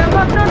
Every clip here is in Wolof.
Thank you.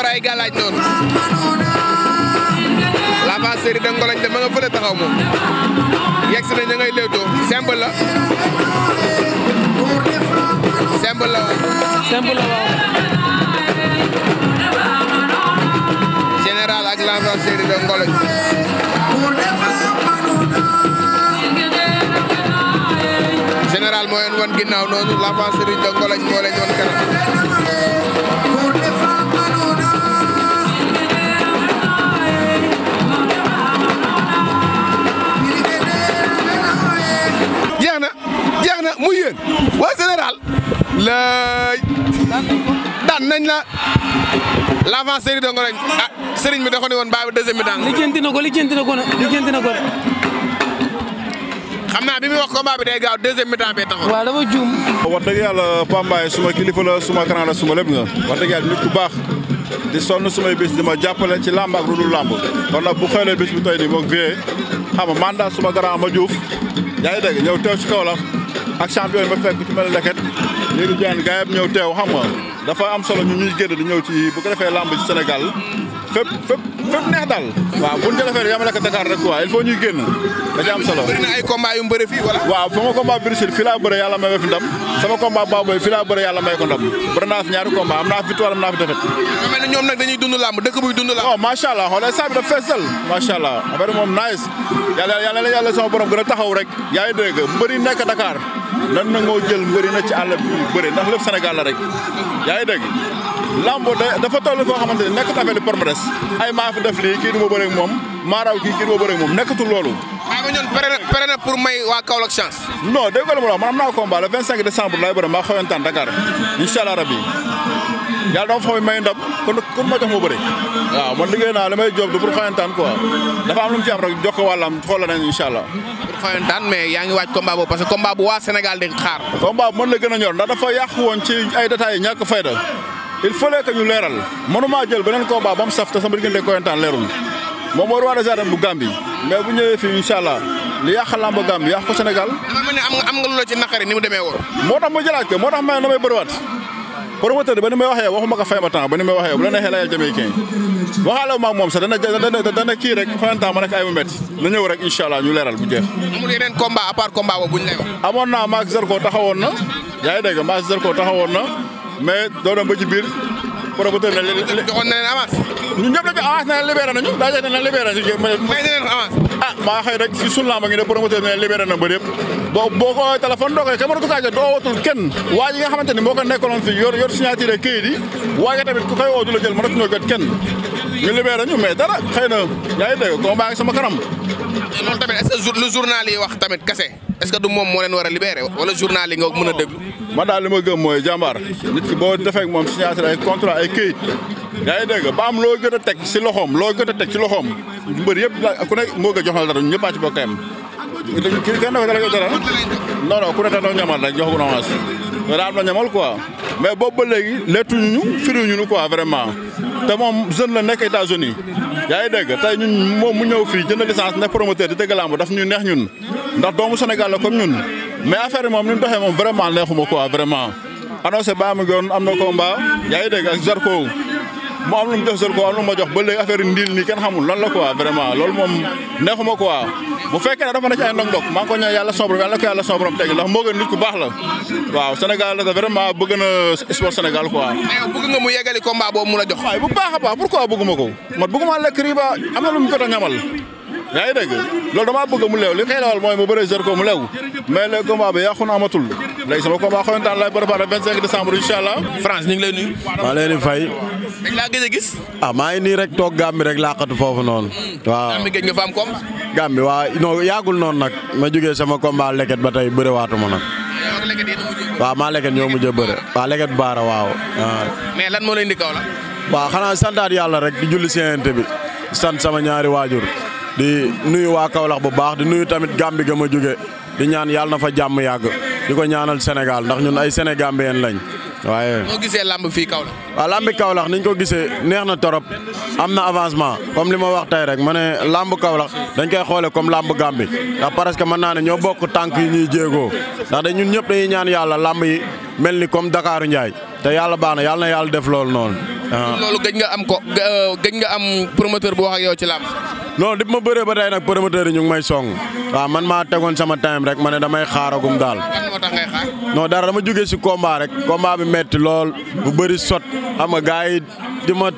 pare ay gàllaaj noonu la face série de ngoloñ fële taxaw moom yegg si na ña ngay léewtoo simple la simple la simple la waaw général ak la face série de ngoloñ général moo leen wan ginnaaw noonu la face série de ngoloñ moo kanam dégg waa général la daan nañ la l'avance série dongo nañ ah sëriñ bi da ko ne woon baa bi deuxième bi daan lijjanti na ko ko na lijjanti ko xam naa bi muy wax combat bi day gaaw deuxième mi-temps bee taxaw. waaw dama juum. wax dëgg yàlla Pape Mbaye suma kilifa la suma grand la suma lépp nga wax dëgg yàlla nit ku baax son sonn sumay bis di ma jàppale ci làmb ak lu dul làmb kon nag bu xëylee bis bi tey nii moom vie xam nga suma grand ma Diouf yaa ngi ñëw teew ci Kaolack ak champion ba fekk ci mel ni leket léegi jaan gaayam ñëw teew xam dafa am solo ñu ñuy génn di ñëw ci bu ko defee làmb ci Sénégal neex daal waaw bu ñu ko defee yamale ko rek quoi il faut ñuy génn da ci am solo bëri na ay combat yu mbëre fii wala waaw sama combat Brésil fii laa bëre yàlla may fi ndam sama combat Baboy fii laa bëre yàlla may ko ndam bëri naa fi ñaari combat am naa fi victoire naa fi défaite mel ni ñoom nag dañuy dund làmb oh, la yàlla sama borom gën a taxaw yaa ngi dégg mbëri nekk nan nangoo jël mbëri na ci àll bi bëri ndax lépp Sénégal la rek yaa ngi dégg lambo dafa toll foo xamante ne nekk affaire de palmarès ay maa def lii kii du ma moom maa raw kii kii du ma bëre ak moom nekkatul loolu Baba Ndione pare na pare pour may waa Kaolack chance. non dégg nga lu ma am naa combat le 25 décembre laay bëre maa xoyantaan Dakar incha allah rabi yàlla dama fa may ndam kon kon ma jox ma bëre. waaw man liggéey naa li may job du pour xoyantaan quoi dafa am lu mu ci am rek jox ko wàllam xoolal nañ incha allah. pour xoyantaan mais yaa ngi waaj combat boobu parce que combat bu waa Sénégal di xaar. combat bu mën a ñor ndax dafa yàqu woon ci ay détails yi ñàkk fayda il fallait que ñu leeral mënumaa jël moom moo roi des arènes bu Gambie mais bu ñëwee fii incha allah li yàq làmb Gambie yàq ko Sénégal. nga am nga loo ci naqari mu demee woon. moo tax ma jëlaat ko moo tax ma damay bëriwaat waxee waxuma ko ma temps ba ni may waxee bu la neexee layal jamaïcain waxaale ma moom sax dana dana dana kii rek fayantaa ma nekk ay mu métti na ñëw rek incha allah ñu leeral bu jeex. amul yeneen combat à part combat boobu bu ñu lay wax. amoon naa maag Zarko na yaa ngi dégg maag Zarko taxawoon na mais doo ba ci biir. promoteur la joxoon na leen avance. ñun ñëpp la avance na libéré nañu daa joxe na libéré nañu. may na leen avance. ah maa xëy rek si sunu lamb ngi ne promoteur bi ne libéré na ba lépp. doo boo ko téléphone doo koy caméra tukaage doo watul kenn waa yi nga xamante ni moo ko nekkaloon fi yor yor signature kayit yi waaye tamit ku koy woo du la jël mënatuñoo jot kenn nga libéré ñu mais dara xëy na yaa ngi dégg combat ngi sama kanam. mais loolu tamit est ce que lu journal yi wax tamit kese est ce que du moom moo leen war a libéré wala journal yi nga mën a déglu. man daal li ma gëm mooy jàmbaar nit ki boo defee ak moom signature ay contrat ay këyit yaa ngi dégg ba am loo gën a teg si loxoom loo gën a teg si loxoom mbër yëpp ku ne moo gën a jox dara ñëpp a ci kii kenn dafa dara dara non non ku ne dañoo ñamal rek jox ko avance daal am na ñamal quoi mais boobu ba léegi lettuñu ñu firiwuñu ñu quoi vraiment te moom jeune la nekk États-Unis yaa ngi dégg tey ñun moom mu ñëw fii jënd licence nekk promoteur di dëgg làmb daf ñu neex ñun ndax doomu Sénégal la comme ñun mais affaire yi moom ni mu doxee moom ko neexuma quoi vraiment annoncé baam mu goon am na combat yaa ngi dégg ak Zarko mu am lu mu def sol ko am lu ma jox ba léegi affaire ndiil nii kenn xamul lan la quoi vraiment loolu moom neexuma quoi bu fekkee ne dafa na ci ay ndog-ndog maa ngi ko ñaan la sombre yàlla ko yàlla sombre teg ndax moo gën nit ku baax la waaw Sénégal la vraiment bëgg na sport Sénégal quoi. mais yow bëgg nga mu yeggali combat boobu mu la jox. waaye bu baax a baax pourquoi ko man bëgguma lekk riba am na lu mu jot a ñamal ñaa ngi dégg loolu damaa bëgg mu leew li koy lawal mooy mu bëre Zarko mu leew mais le combat bi yàqu na amatul léegi sama combat xoyantaan lay préparé 25 décembre incha allah. France ñu ngi fay. a ah, maa ngi nii rek toog Gàmbi rek laqatu foofu noonu. Hmm. waaw Gàmbi gëj nga fa am combat. Gàmbi waa non yàggul noonu nag ma jógee sama combat leket ba tey bëriwaatuma nag. waaw maa leket ñoo mujj a bëre. waaw leket baara waaw. Ah. mais lan moo indi kaw waaw xanaa santaat yàlla rek di julli séenante bi sant sama ñaari waajur di nuyu waa Kaolack bu baax di nuyu tamit Gambie ga ma jóge di ñaan yàlla na fa jàmm yàgg di ko ñaanal Sénégal ndax ñun ay Sénégambien lañ waaye. moo gisee làmb fii Kaolack. waaw làmbi Kaolack niñ ko gisee neex na torop am na avancement comme li ma wax tey rek ma ne làmb Kaolack dañ koy xoolee comme làmb Gambie ndax parce que mën naa ne ñoo bokk tànk yi ñuy jéegoo ndax de ñun ñëpp dañuy ñaan yàlla làmb yi. mel ni comme dakaaru Ndiaye te yàlla baax na yàlla na yàlla def loolu noon ah. loolu gëj nga am ko euh, gëj nga am promoteur bu wax yow ci làmb. non di ma bëree ba tey nag promoteur yi ñu may song waa ah, man maa tegoon sama time rek ma ne damay xaaragum daal. noo dara dama jógee si combat rek combat bi metti lool bu bëri sot xam nga gars yi di ma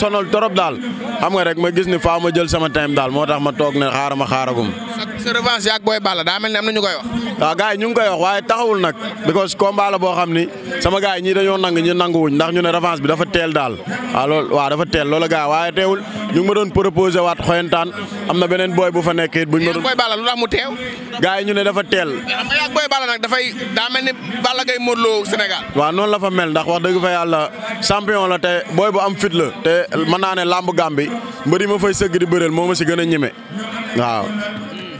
sonal torop daal xam nga rek ma gis ni faa ma jël sama time daal moo tax ma toog ne xaaral ma xaaragum. sa revanche yaak Boy Balla daa mel ni am na ñu koy wax. waaw yi ñu ngi koy wax waaye taxawul nag because combat la boo xam ni sama gars yi ñii dañoo nang ñi nanguwuñ ndax ñu ne revanche bi dafa teel daal waaw loolu waaw dafa teel loolu gars waaye teewul ñu ngi ma doon proposé waat xoyantaan am na beneen booy bu fa nekk it buñ ma doon. Boy Balla lu tax mu yi ñu ne dafa teel. xam nga nag dafay daa mel ni Balla Gaye Modou Lo Sénégal. waa noonu la fa mel ndax wax dëgg fa yàlla champion la te booy bu am fit la te mën naa ne lamb Gambie mbëri ma fay sëgg di moo ma si gën a ñeme waaw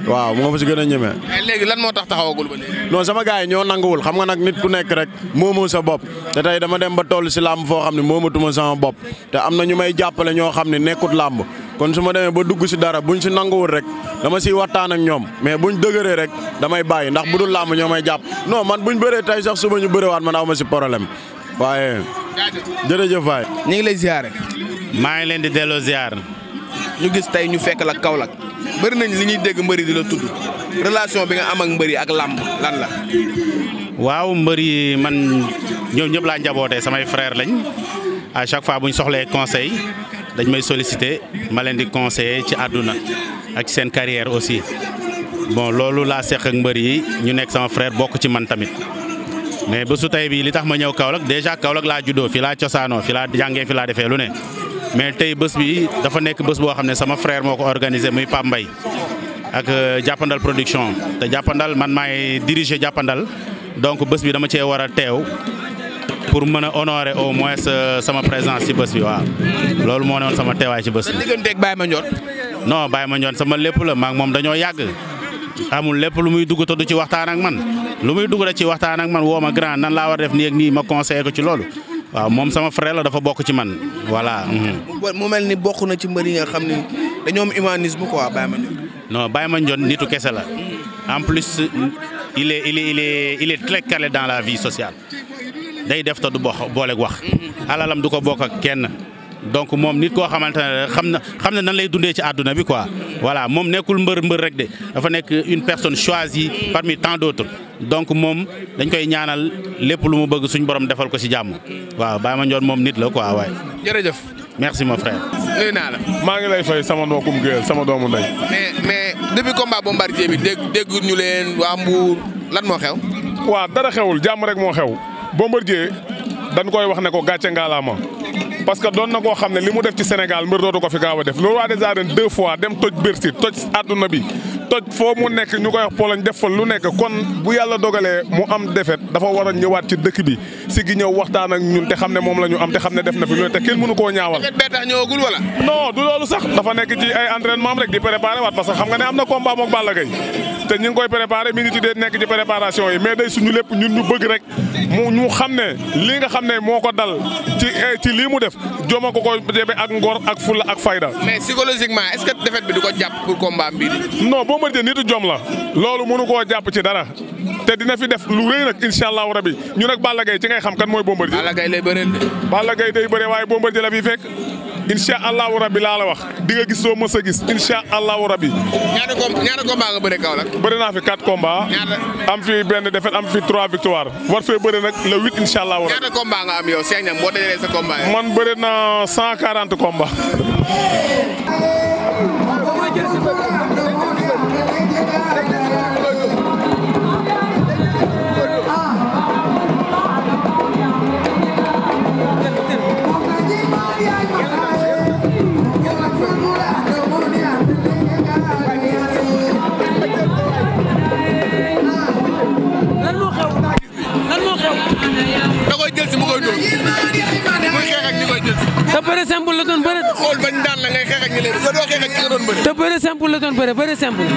waaw moo fa si gën a ñeme. mais léegi lan moo tax taxawagul ba léegi. sama gars yi ñoo nanguwul xam nga nag nit ku nekk rek moomoo sa bopp te tey dama dem ba tollu si làmb foo xam ne moomatuma sama bopp te am na ñu may jàppale ñoo xam ne nekkut làmb kon su ma demee ba dugg si dara buñ si nanguwul rek dama siy waxtaan ak ñoom mais buñ dëgëree rek damay bàyyi ndax bu dul làmb ñoo may jàpp non man buñ bëree tey sax suba ñu bëreewaat man a ma si problème waaye. jërëjëf waay. ñu ngi lay ziare. maa ngi leen di delloo ziar. ñu gis tey ñu fekk la Kaolack bëri nañ li ñuy dégg mbëri di la tudd relation bi nga am ak mbëri ak làmb lan la. waaw mbër yi man ñoom ñëpp laa njabootee samay frère lañ a chaque fois bu ñu soxlee conseil dañ may solliciter ma leen di conseiller ci àdduna ak seen carrière aussi bon loolu laa seq ak mbër yi ñu nekk sama frère bokk ci man tamit. mais bésu tey bii li tax ma ñëw Kaolack déjà Kaolack laa juddoo fi laa cosaanoo fi laa jàngee fi laa defee lu ne mais tey bés bi dafa nekk bés boo xam ne sama frère moo ko organisé muy Pape Mbaye ak euh, jàppandal production te jàppandal man maay diriger jàppandal donc bés bi dama cee war a teew pour mën a honorer au moins euh, sama présence ci bés bi waaw loolu moo newoon sama teewaay ci bés bi. digganteeg Baye Mandione. non Baye Mandione sama lépp la maak moom dañoo yàgg amul lépp lu muy dugg te ci waxtaan ak man lu muy dugg rek ci waxtaan ak man woo ma grand nan laa war def nii ak nii ma conseil ko ci loolu. waaw moom sama frère la dafa bokk ci man voilà. Mhm. mu mel ni bokk na ci mbër yi nga xam ni dañoom am humanisme quoi Baye Mandione. non Baye Mandione nitu kese la en plus il est il est il dans la vie sociale day def te du bokk booleeg wax. alalam du ko bokk ak kenn. donc moom nit koo xamante ne xam na xam na nan lay dundee ci àdduna bi quoi voilà moom nekkul mbër mbër rek de dafa nekk une personne choisie parmi tant d'autres donc moom dañ koy ñaanal lépp lu mu bëgg suñu borom defal ko si jàmm waaw ma Mandione moom nit la quoi waay. jërëjëf. merci mon frère. nuyu naa la. maa ngi lay fay sama mbokkum géwél sama doomu ndey. mais mais depuis combat bombardier bi dégg ñu leen waa Mbour lan moo xew. waaw dara xewul jàmm rek moo xew. bombardier dañ koy wax ne ko gàcce ngaalaama parce que doon na koo xam ne li mu def ci Sénégal mbir dootu ko fi gaaw a def le roi des arènes deux fois dem toj Bercy toj àdduna bi. toj foo mu nekk ñu koy wax Pologne def fa lu nekk kon bu yàlla dogalee mu am defet dafa war a ñëwaat ci dëkk bi si gi ñëw waxtaan ak ñun te xam ne moom la ñu am te xam ne def na fi lu te koo ñaawal. ñëwagul wala. non du loolu sax dafa nekk ci ay entraînement rek di préparer waat parce que xam nga ne am na combat moog Balla Gaye te ñu ngi koy préparer mi ngi nekk ci préparation yi mais day suñu lépp ñun ñu bëgg rek ñu xam ne lii nga xam ne moo ko dal ci eh, ci lii mu def joma ko ko jebe ak ngor ak fulla ak fayda. mais psychologiquement est-ce que défaite bi du ko jàpp pour combat Bombardier nitu jom la loolu mënu koo jàpp ci dara te dina fi def lu rëy nag incha allahu rabi ñu nag Balla Gaye ci ngay xam kan mooy Bombardier. Balla Gaye lay bëreel de. waaye Bombardier la fi fekk incha allahu rabi laa la wax di nga gis soo mës a gis incha allahu rabi. ñaata com ñaata naa fi quatre combats. am fi benn défaite am fi trois victoire war fee bëri nag le huit incha allahu am yow sëñ am man bëri na cent quarante combats. koy jël si mu koy dóor muy xeex ak ñi koy jël si. te bëre simple la doon bëre. xool bañ la ngay xeex ak ñi leen yow doo xeex ak la doon bëre bëre simple.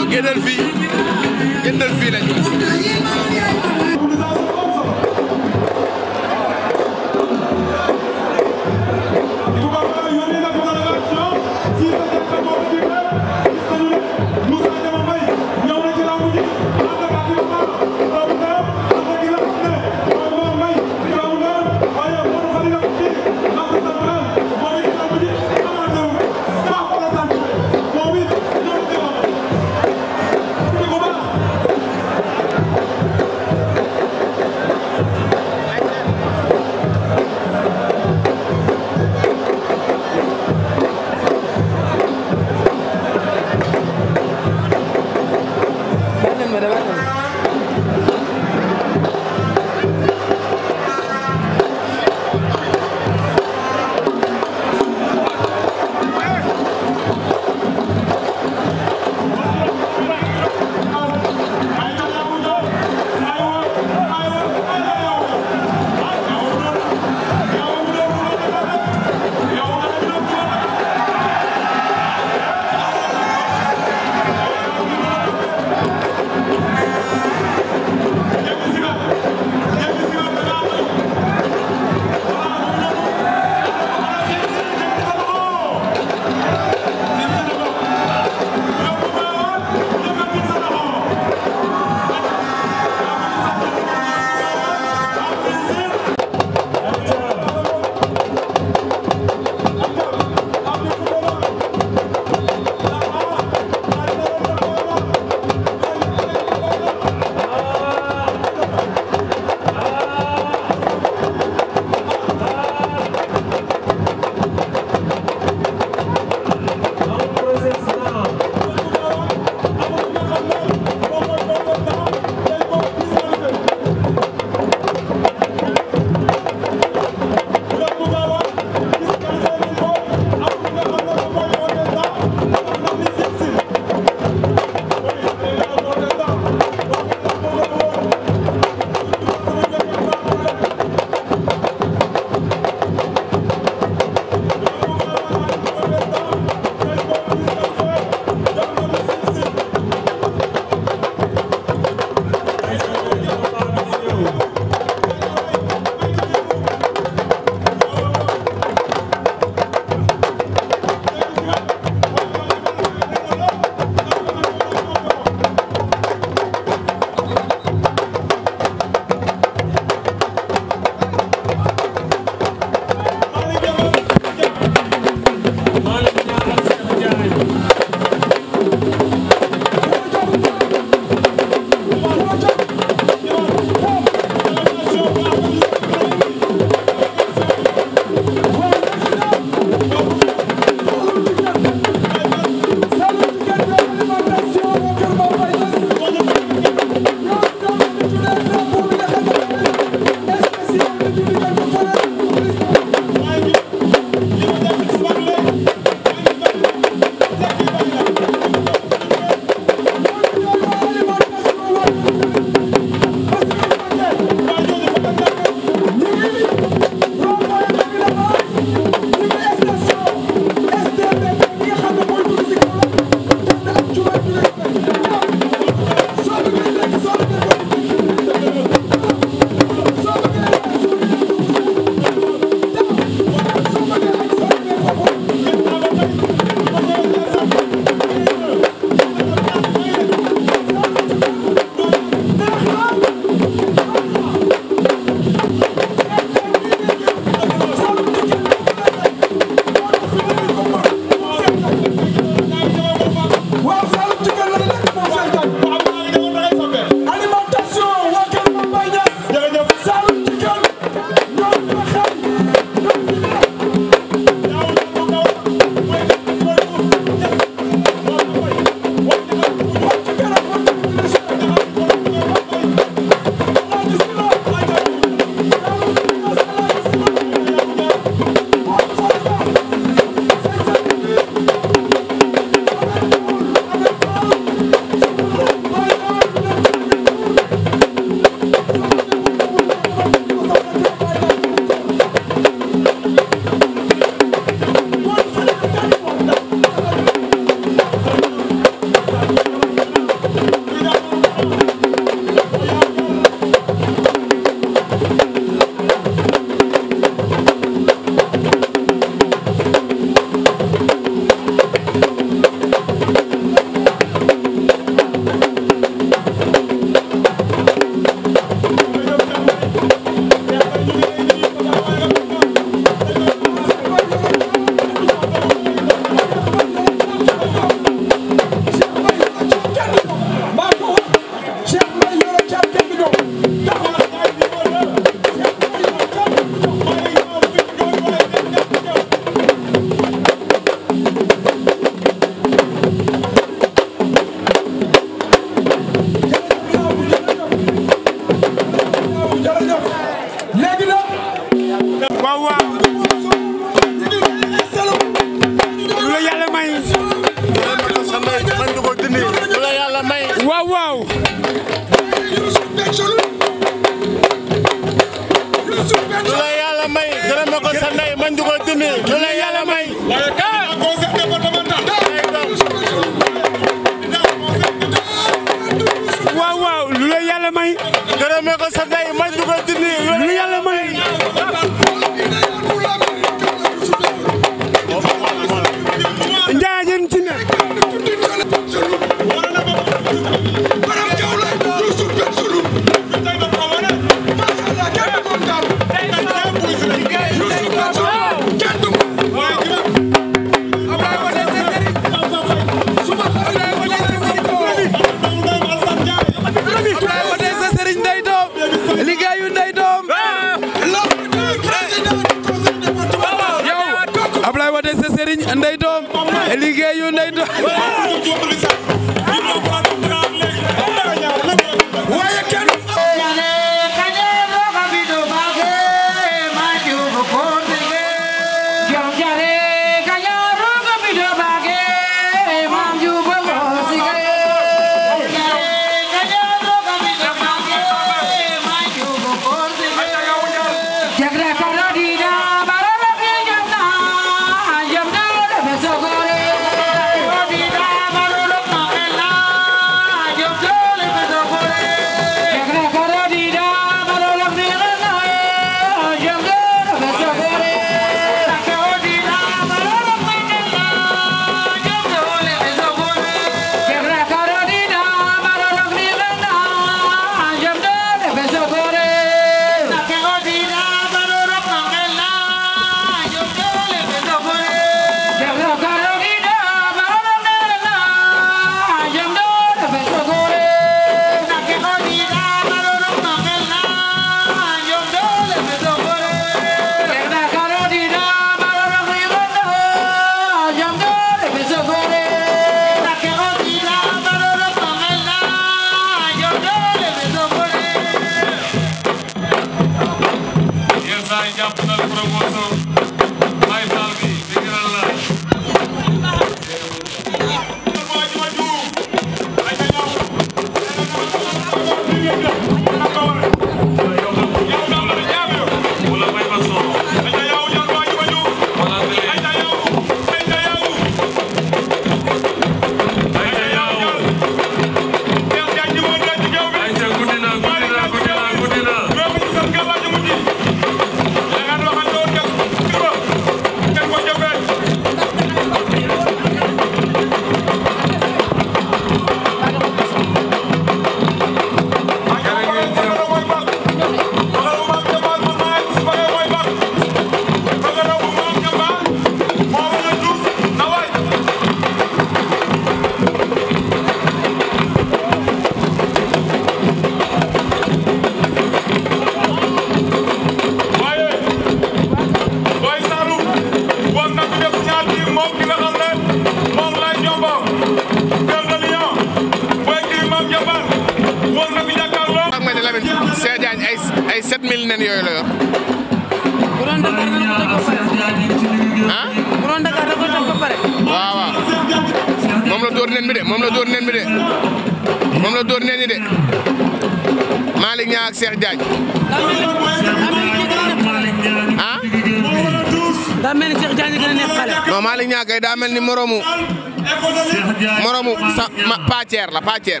la pas Thier.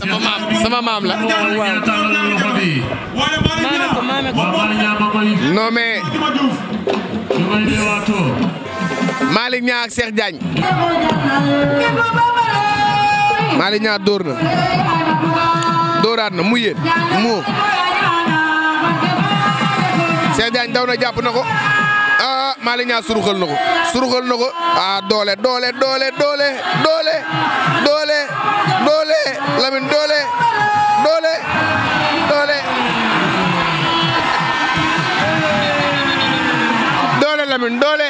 sama maam sama maam la. non mais. Malick Niang ak Cheikh Diagne. Malick mu yéen mu. Cheikh Diagne daw jàpp na ko. Malick Niang suruxal na ko suruxal na ko doole doole doole doole doole doole doole doole doole doole doole Lamine doole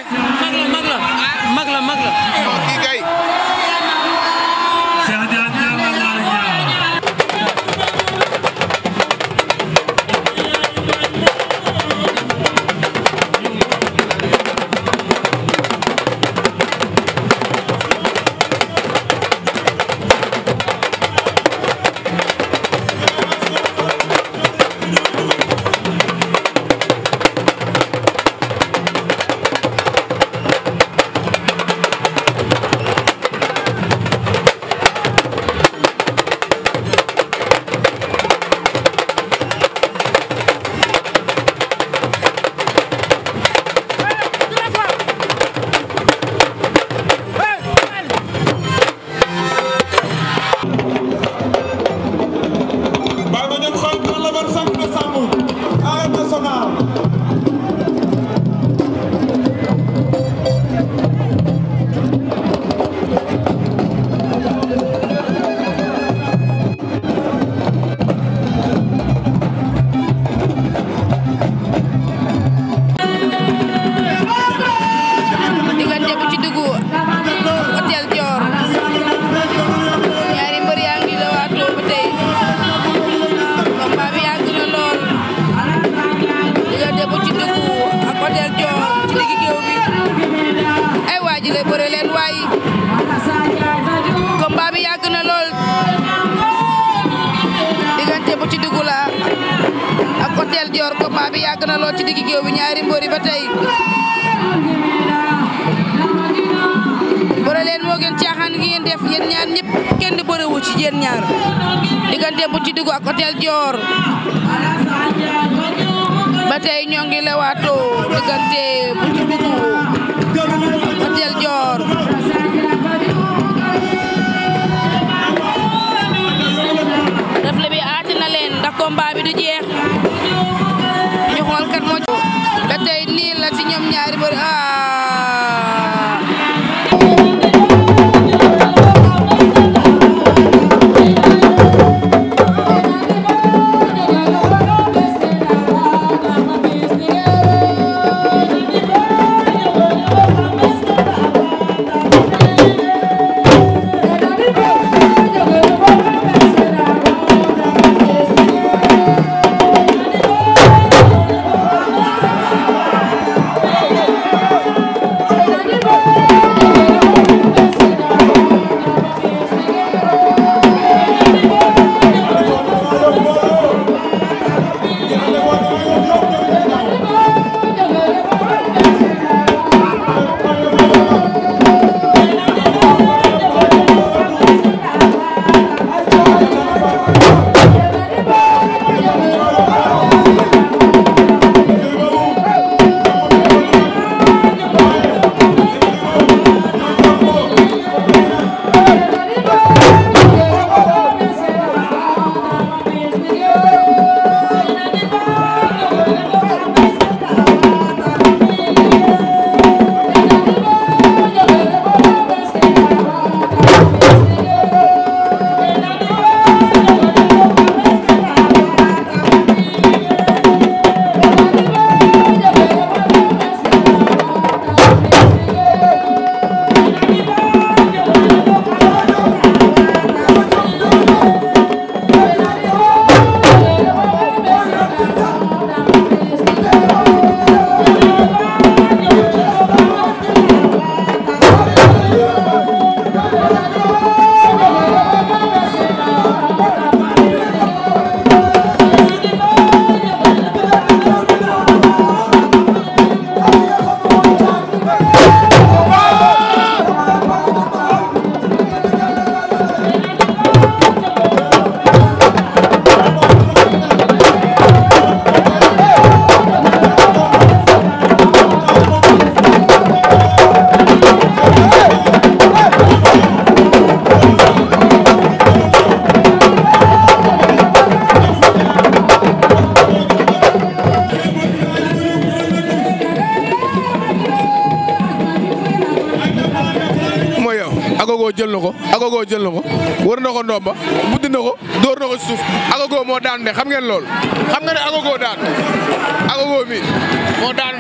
la mag la Agogo jël na ko war na ko ndomba buddi na ko dóor na ko suuf Agogo moo daan de xam ngeen loolu xam nga ne Agogo daan Agogo mi moo daan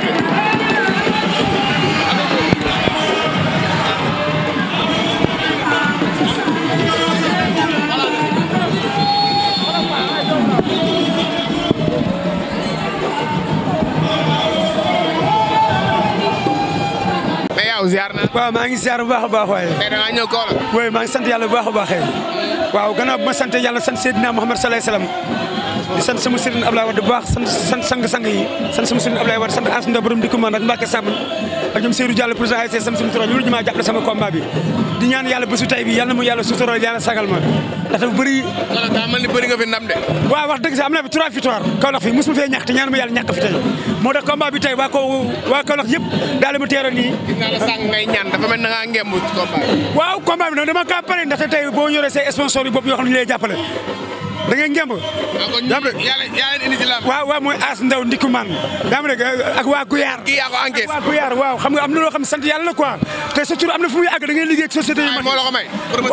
waaw maa ngi ziar bu baax a baax waaye. tey da ngaa ñëw Kaolack. waaye maa ngi bu baax a baax waaw gannaaw bu ma sant yàlla sant Seydina Muhammad sallallahu alayhi wasallam di sant sama sëriñ Ablaye Wade bu baax sant sant sang-sang yi sant sama sëriñ Ablaye Wade sant Ansa Nda borom dikku man ak Mbacke Samb ak ñoom Seydou Diallo président ASC Sam Sim Toro ñu ñu maa jàppale sama combat bi di ñaan yàlla bésu tey bi yàlla na mu yàlla sutural yàlla sagal ma dafa bëri wala daa mel ni bëri nga fi ndam de waaw wax dëgg sax am naa fi trois victoire Kaolack fi mosuma fee ñàkk te ñaan ma yàlla ñàkk fi tey moo tax combat bi tey waa ko waa Kaolack yëpp daal ma nii gis naa la sànq ngay ñaan dafa mel na ngaa ngemb waaw combat bi nag tey boo ñoree say sponsor yi yoo xam ne ñu jàppale da ngay ngemb. Ah, waaw waaw mooy As Ndaw Ndiku Man. yaa ngi waa Guyaar. waaw xam am na loo xam sant yàlla la quoi sa tur am na fu muy àgg da ngay liggéey ci société yi. Ah, moo la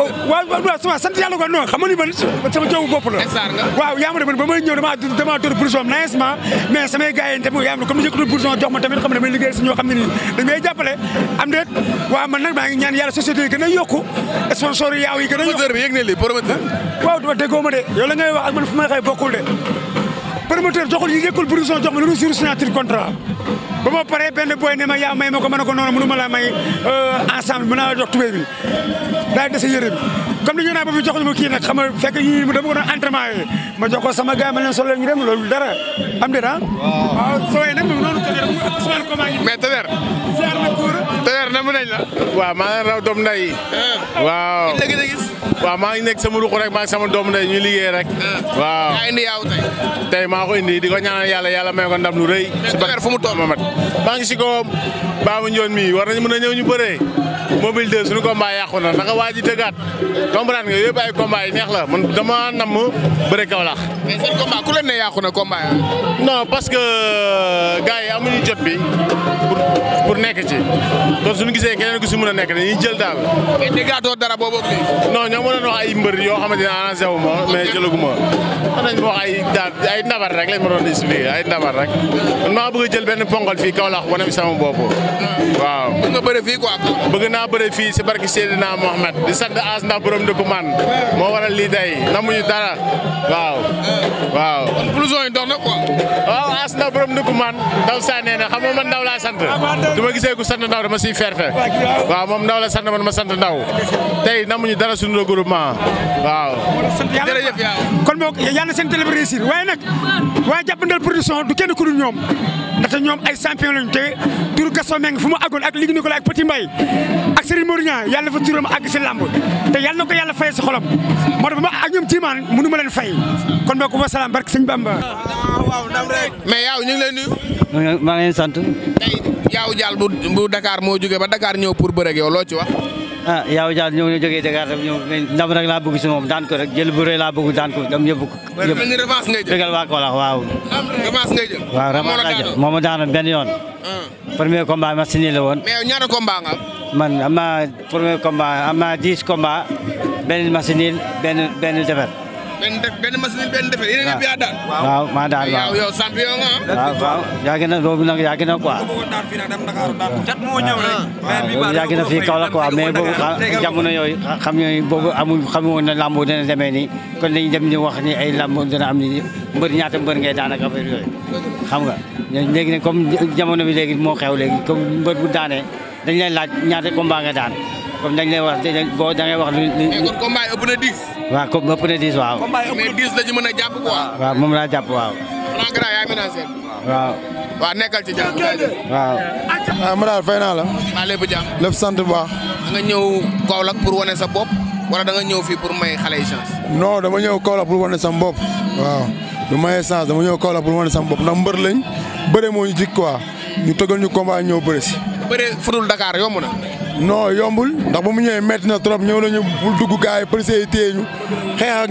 oh, waaw waaw sant yàlla quoi non xam nga ni man sama ma ne man ba may ñëw damaa damaa ma ne comme ni njëkk bourgeon liggéey si ñoo xam ne nii dañ may am déet waaw man nag maa ngi ñaan yàlla yi gën a yokku sponsor yaaw yi gën a yokku ngay wax ak man fu may xëy bokkul de promoteur joxul yi yëkkul production jox ma lu dul sur signature contrat ba pare benn booy ne ma yaa may ma ko ma ne ko noonu mënu ma laa may euh, ensemble mën naa la jox tubéy bi daal di dese yére bi comme ni ñu naan ba fi joxuñu ma kii nag xam fekk yii dama ko doon entraînement yi ma jox ko sama gars ma leen solo ñu dem loolu dara am déet ah. waaw ah, soo yee nag moom noonu. mais Tonnerre. na mu nañ la. waaw maa leen raw doom nday ah. waa waaw maa ngi nekk sama ruq rek maa ngi sama doom nday ñu liggéey rek. Ah. waaw yaa indi yaaw tey. maa ko indi di ko ñaanal yàlla yàlla may ko ndam lu rëy. su fekkee fu mu toll maa ngi si ko Babou Ndione mi war nañu mën a ñëw ñu bëree. mobile 2 suñu combat yàqu na waa ji dëggaat comprendre nga yëpp ay combat yi neex la man dama nam bëre Kaolack. mais ku leen ne yàqu na combat yi non parce que gars yi amuñu jot bi pour nekk ci. suñu gisee keneen ku si mën a nekk dañuy jël daal. mais déggaatoo wax ay mbër yoo xamante ne arrangé wu ma mais jëlaguma ma. nañ wax ay daal ay ndabar rek lañ ma doon expliqué ay ndabar rek man maa bëgg a jël benn ponkal fii Kaolack wane bi sama bopp. waaw bëgg nga bëre fii quoi. bëgg naa bëre fii si barki Seydina Mohamed di sant as ndax borom dëkku man moo waral lii day namuñu dara waaw. waaw kon blouson yi dox na quoi. waaw as ndax borom dëkku man ndaw saa man ndaw laa sant. du ma gisee ku sant ndaw dama siy fer waaw moom ndaw la sant man ma sant ndaw tey namuñu dara suñu regroupement waaw. jërëjëf yaa kon boog yal na seen télé bi réussir waaye nag waaye jàppandal production du kenn ku dul ñoom ndaxte ñoom ay champion lañu te tur Gaston Mbengue fu mu àggoon ak Ligue Nicolas ak Petit Mbaye ak Serigne Modou Niang yàlla fa turam àgg si làmb te yàlla na ko yàlla fayee si xolam moo tax ba ma ak yaaw ñu ngi maa ngi sant. tey yaaw Dial bu bu moo jóge ba Dakar ñëw pour bëre ak yow loo ci wax. ah yow Diagne ñoo ngi jógee Dakar tam ñëw ndam rek laa bëgg si moom daan ko rek jël bu laa bëgg daan ko dam yóbbu. yóbbu mel ni revanche ngay jël waa Kaolack waaw. revanche ngay jël. yoon. Ah. premier combat ma la woon. mais yow ñaata am. man am naa premier combat am naa dix combat benn ma signé benn benn benn def benn waaw maa daan waaw yow yow champion nga waaw waaw yàgg na boobu na quoi. Ah, waaw yàgg na fii Kaolack quoi mais boobu ah, jamono yooyu ah, xam yooyu boobu amul xamu woon na làmb dina demee nii kon dañuy dem di wax ni ay làmb dina am ni mbër ñaata mbër ngay daan ak affaire xam nga léegi nag comme jamono bi léegi moo xew léegi comme mbër bu daanee dañ lay laaj ñaata combat nga daan comme dañ lay wax boo da wax lu. mais kon combat ëpp na 10 waaw comme ëpp na diis waaw. combat diis la ñu mën a jàpp quoi. waaw moom laa jàpp waaw. xanaa grand yaa menacé. waaw. waaw nekkal ci jàmm. waaw. Ah, ma daal fay naa sant bu baax. da nga ñëw wane sa bopp wala da nga ñëw fii pour may xale yi chance. non dama ñëw Kaolack pour wane sama bopp. waaw du maye dama ñëw Kaolack pour wane sama bopp ndax mbër lañ bëre moo ñu jik quoi ñu tëgal ñu combat ñëw bëre si. bëre fudul Dakar yomb na. non yombul ndax ba mu ñëwee métti na trop ñëw nañu bul dugg gars yi policiers yi téye ñu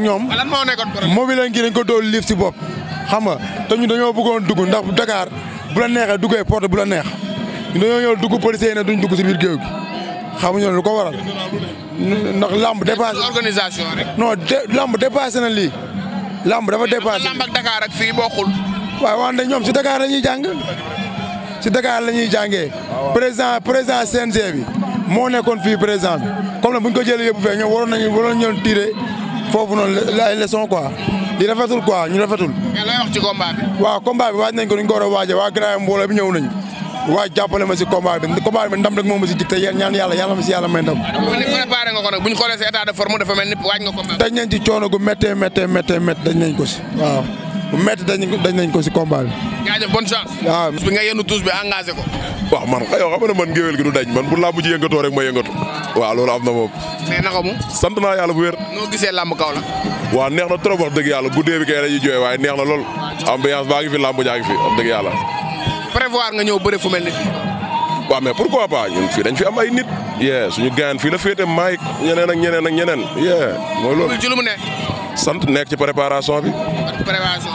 ñoom. lan moo nekkoon problème moom lañ kii dañ ko doon liif si bop xam nga te ñu dañoo bëggoon dugg ndax Dakar bu la neexee duggee porte bu la neex ñu dañoo ñëw dugg policiers yi duñ dugg si biir géew gi xamuñu ne lu ko waral. ndax lamb dépassé organisation rek. non lamb dépassé na lii. lamb dafa dépassé lamb ak Dakar ak fii bokkul. waaw wante ñoom si Dakar la ñuy jàng si Dakar la ñuy jàngee. président président CNG bi. moo nekkoon fii président bi comme nag ko jëlee yóbbu fee ñoom waroon nañu waroon ñoon tiré foofu noonu ay leçon quoi di rafetul quoi ñu rafetul. mais looy wax ci combat bi. waaj nañ ko ni ñu ko war a waajee waa grand mbooloo bi ñëw nañu waaj jàppale ma si combat bi combat bi ndam rek moo ma si dig te ñaan yàlla yàlla ma si yàlla may ndam. bu ñu ñu xoolee sa état de forme dafa mel ni waaj nga combat. dañ nañ ci coono gu méttee dañ nañ ko si waaw. bu métti dañ dañ nañ ko si combat bi. jaajëf bonne chance. waaw tuus bi engagé ko. waaw man xëy xam ne man ngéwél gi du dañ man bu làmb ji yëngatoo rek ma yëngatu. waaw loolu am na moom. mais naka mu. sant naa yàlla bu wér. noo gisee làmb kaw la. waaw neex na trop wax dëgg yàlla guddee bi kay la ñuy jooy waaye neex na lool. ambiance baa ngi fi làmb jaa ngi fi wax dëgg yàlla. prévoir nga ñëw bëre fu mel ni fii. waaw mais pourquoi pas ñun fii dañ fi am ay nit. yee suñu gaan fii la féete Mike ñeneen ak ñeneen ak ñeneen. yee mooy loolu ne. sant nekk ci préparation bi. préparation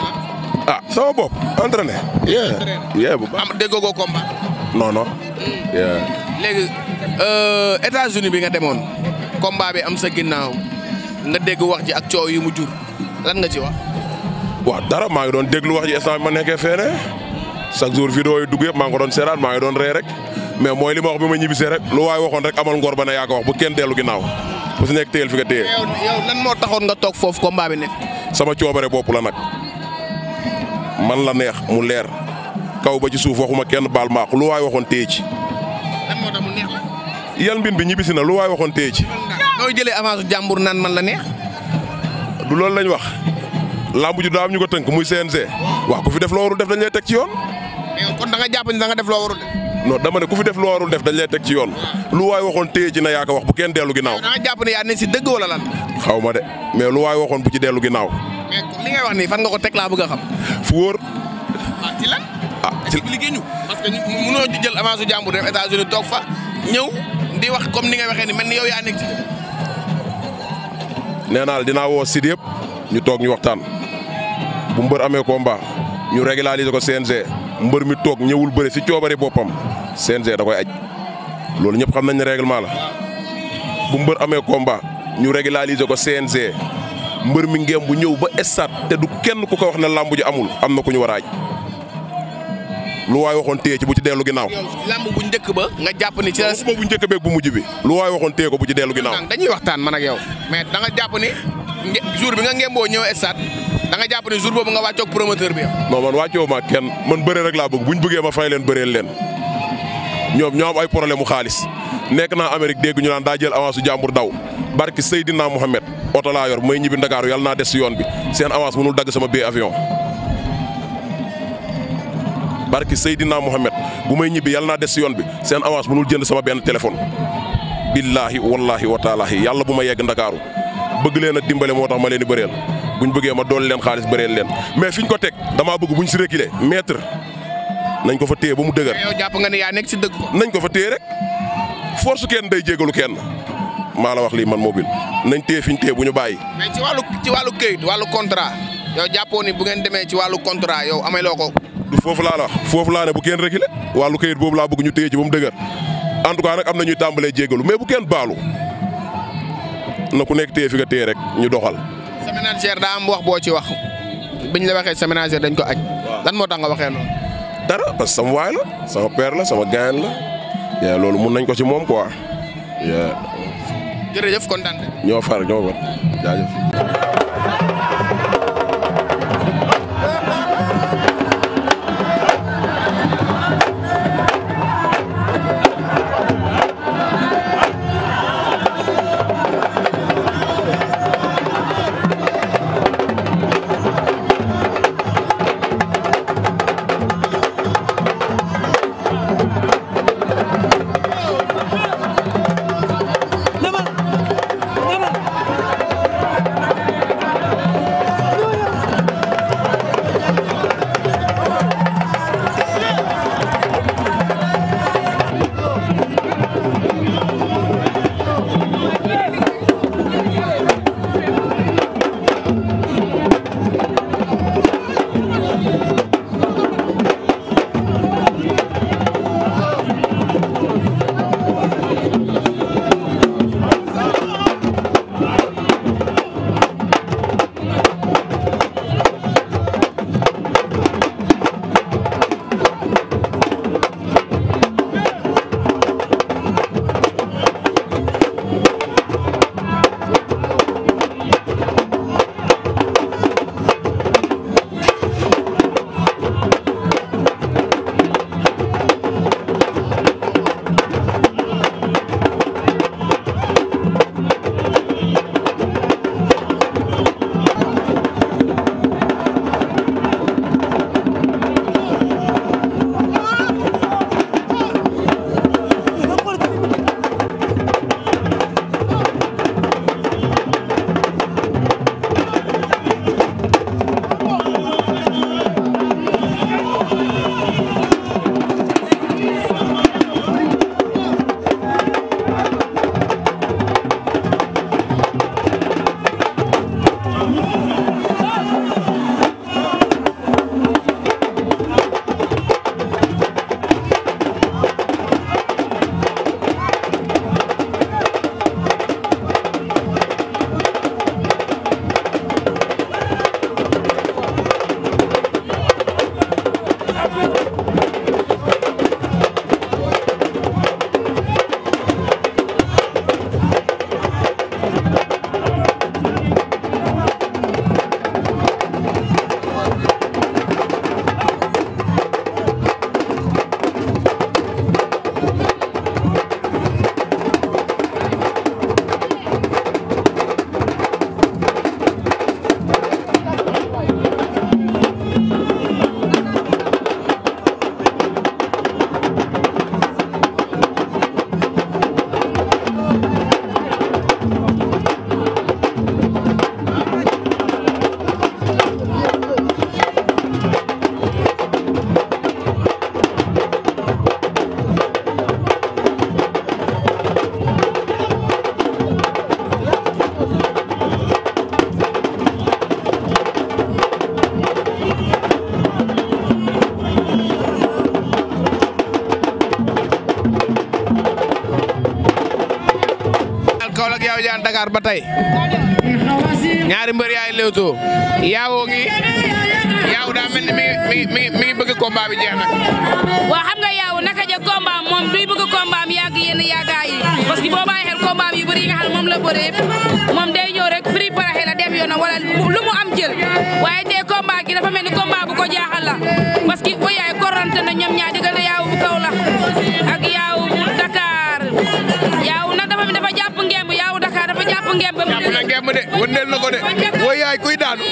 ah sama bopp entraîné. entraîné yee bu baax. am déggoo ko combat. non non. Hmm. léegi euh, États-Unis bi nga demoon. combat bi am sa ginnaaw nga dégg wax ji ak coow yi mu jur lan nga ci wax. waaw dara maa ngi doon déglu wax ji instant ma nekkee feene chaque jour vidéo yi dugg yëpp maa ngi doon seeraat maa ngi doon ree rek mais mooy li ma wax bi ma ñibbisee rek lu waay waxoon rek amal ngor ba ne yaa ko wax bu kenn dellu ginnaaw. bu si nekk téyel fi nga téye. yow lan moo taxoon nga toog foofu combat bi ne. sama coobare bopp la nag man la neex mu leer kaw ba ci suuf waxuma kenn baal maax lu waay waxoon téye ci. lan moo yal mbin bi ñibbisi na lu waay waxoon téye ci. nooy jëlee avance jàmbur naan man la neex. du loolu lañ wax làmb ju daa am ñu ko tënk muy CNG. waaw ku fi def loo warul def dañ lay teg ci yoon. kon da nga da nga def loo warul def. non dama ne ku fi def lu warul def dañ lay teg ci yoon lu waay waxoon téye ci na yaa ko wax bu kenn dellu ginnaaw. da nga jàpp ne yaa si dëgg wala xaw ma de mais lu waay waxoon bu ci dellu ginnaaw. mais li ngay wax ni fan nga ko teg laa bëgg a xam. fu wóor. ah ci lan. ah ci expliqué ñu parce que mënoo jël avance su jàmbur dem États-Unis toog fa ñëw di wax comme ni nga waxee ni mel ni yow yaa nekk ci. dinaa woo Sidi yëpp ñu toog ñu waxtaan bu mbër amee combat ñu régulariser ko CNG. mbër mi toog ñëwul bëre si coobare boppam CNG da koy aj loolu ñëpp xam nañ ne règlement la bu mbër amee combat ñu régulariser ko CNG mbër mi ngeem bu ñëw ba stade te du kenn ku ko wax ne làmb ji amul am na ku ñu war a aj lu waay waxoon téye ci bu ci dellu ginnaaw. làmb bu njëkk ba nga jàpp ni ci la. bu njëkk beeg bu mujj bi. lu waaye waxoon tee ko bu ci dellu ginnaaw. dañuy waxtaan man ak yow. mais da nga jàpp bi nga ngemboo ñëw da nga jàpp ne jour boobu nga wàccoog promoteur bi. non man wàccoo ma kenn man bëree rek laa bëgg bu ñu buggee ma fay leen bëreel leen ñoom ñoo ay problème mu xaalis nekk naa Amérique dégg ñu naan daa jël avance su jàmbur daw barki Seydina Mohamed oto laa yor may ñibbi Ndakaaru yàlla naa des si yoon bi seen avance mënul dagg sama bee avion. barki Seydina Mohamed bu may ñibbi yàlla naa des si yoon bi seen avance mënul jënd sama benn téléphone. billaahi wallaahi wa taalaahi yàlla bu ma yegg Ndakaaru bëgg leen a dimbale moo tax ma leen di bëreel. bu ñu bëggee ma dool leen xaalis bëreel leen mais fiñ ko teg dama damaa bëgg ñu si reculer maître nañ ko fa téye ba mu dëgër. yow nga ne yaa nekk si dëgg. nañ ko fa téye rek force kenn day jégalu kenn maa la wax lii man mobile nañ téye fi ñu téye bu ñu bàyyi. mais ci wàllu ci wàllu këyit wàllu contrat jàppoo ni bu ngeen demee ci wàllu contrat yow amee loo ko. foofu laa la wax foofu laa ne bu kenn wàllu këyit boobu bëgg ñu téye ci ba mu dëgër en tout cas nag am na ñuy tàmbalee jégalu mais bu kenn baalu na ku nekk téye fi nga téye rek ñu doxal sa manager daa am wax boo ci wax biñ la waxee sa manager dañ ko aj lan moo tax nga waxee noonu. dara parce que sama waay la sama père la sama gaañ la yaa loolu mun nañ ko ci moom quoi. jërëjëf kontaan ñoo far ñoo far jaajëf. Dakar ba tey ñaari mbër yaay Leewtoo yaawoo ngi yaaw daa mel ni mi mi mi ngi bëgg combat bi jeex na. waaw xam nga yaaw moom duy bëgg combat am yàgg yenn yàggaay yi parce que boo bàyyi xel yi nga xam moom la bëree moom day ñëw rek free dem yoonam wala lu am jël waaye tey combat gi dafa mel ni ko jaaxal la. na ngemb de wëndeel na ko de woy yaay kuy daanu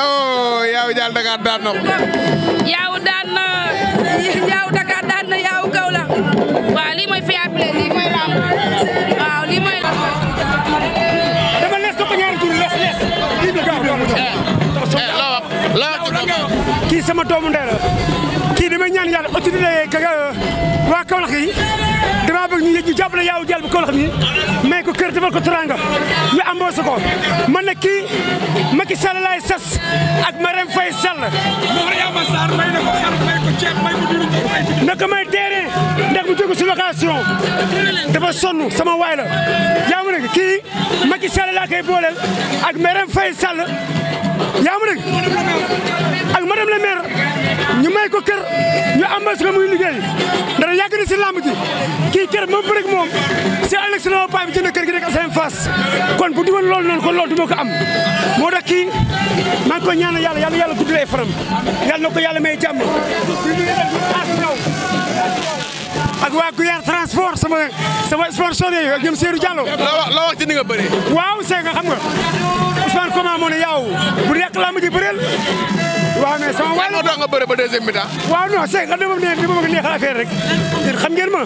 oh yaaw jaal Dakar daan na ko. yaaw na yaaw Dakar daan na yaaw kaw la lii mooy fair play lii mooy lamb dama les ko ñaari tur les les. lii bi gaaw la wax la kii sama doomu ndey kii damay ñaan yàlla autorité waa Kaolack yi damaa bëgg ñu ñu jàppale yaawu jàll bu may ko kër defal ko teranga ñu embauché ko man na kii Macky Sall laay sas ak Marème Faye Sall Mariama may na ko mu jóge si location dafa sonn sama waay la yaa ma nekk kii Macky Sall laa koy booleel ak Marème Faye Sall yaa ma nekk ak madame le maire ñu may ko kër ñu ambas ko muy liggéey dara yàgg na si làmb ji kii kër moom moom si alex na ma paa bi jënd kër gi nekk seen face kon bu duwoon loolu noonu kon loolu du ma ko am moo tax kii ko ñaanal yàlla yàlla yàlla gudd lay faram yàlla na ko may jàmm ak waa Guyaar transport sama sama sponsor yooyu ak ñoom la wax ci ni nga bëree. waaw c'est nga xam nga Ousmane comment moo ne yaaw bu nekk làmb ji bëreel. waaw mais sama wàll moo tax nga bëre ba deuxième mi-temps. waaw non c'est que dama ne dama bëgg neexal affaire rek xam ngeen ma.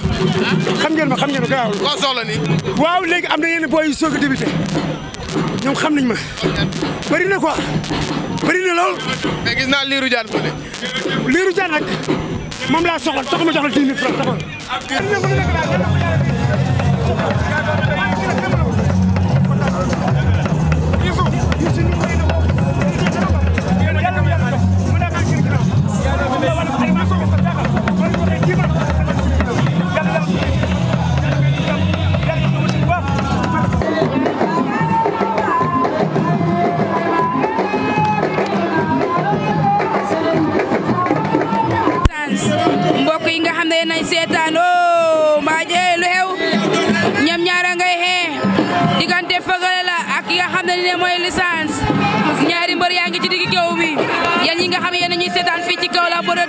xam ngeen ma xam ngeen ma gaawul. koo soxla nii. waaw léegi am na yenn boy yu soog a débuté ñoom xam nañ ma bëri na quoi bëri na gis naa Lirou Diane fële. Lirou Diane nag moom laa soxla ma jox la 10 000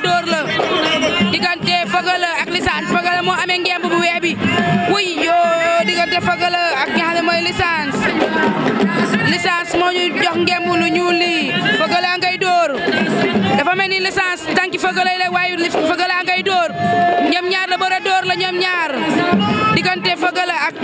dóor la diggante Feugeula ak Lisaan Feugeula moo amee ngemb bu weex bi wuy yoo diggante Feugeula ak nga xam ne moo jox ngemb lu ñuul lii Feugeula ngay dafa mel ni Lisaan tànki Feugeula la waaye Feugeula ngay ñoom ñaar la bëre dóor la ñoom ñaar diggante Feugeula ak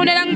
egun eran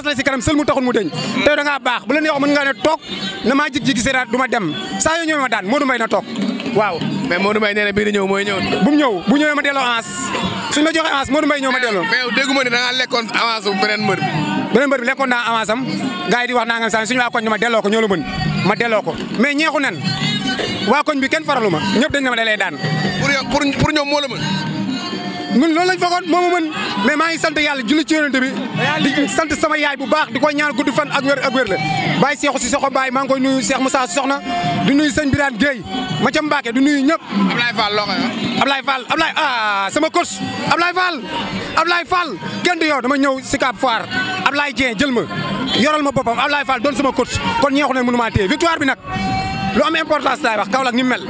ñaas la si kanam sël mu taxul mu deñ tey da ngaa baax bu la neexoon mën nga na maa jig jigi seeraat du ma dem saa yoo ñëwee ma daan Modou Mbaye na toog waaw. mais Modou Mbaye nee na bii di ñëw bu mu ñëw ma delloo avance suñ ma joxe avance Modou Mbaye ñëw ma delloo. mais yow dégguma ne da ngaa lekkoon avance beneen mbër beneen mbër bi lekkoon naa avance am di wax naa nga saa suñu waa koñ bi ma delloo ko ñoo la ma delloo ko mais ñeexu nan waa koñ bi kenn faralu ma ñëpp dañ ne ma la mën. ñun loolu lañ mais maa ngi sant yàlla julli ci yonent bi di sant sama yaay bu baax di ko ñaan gudd fan ak wér ak wér la bàyyi seexu si soxo bàyyi maa ngi koy nuyu Seex Moussa Soxna di nuyu sëñ Birane Gueye ma ca Mbacke di nuyu ñëpp Ablaye Fall loo koy Ablaye Fall Ablaye ah sama coach Ablaye Fall Ablaye Fall kenn du yow dama ñëw si Cap Foire laay Dieng jël ma yoral ma boppam Ablaye Fall doon sama coach kon ñeexu ne mënu maa téye victoire bi nag lu am importance laay wax Kaolack ni mel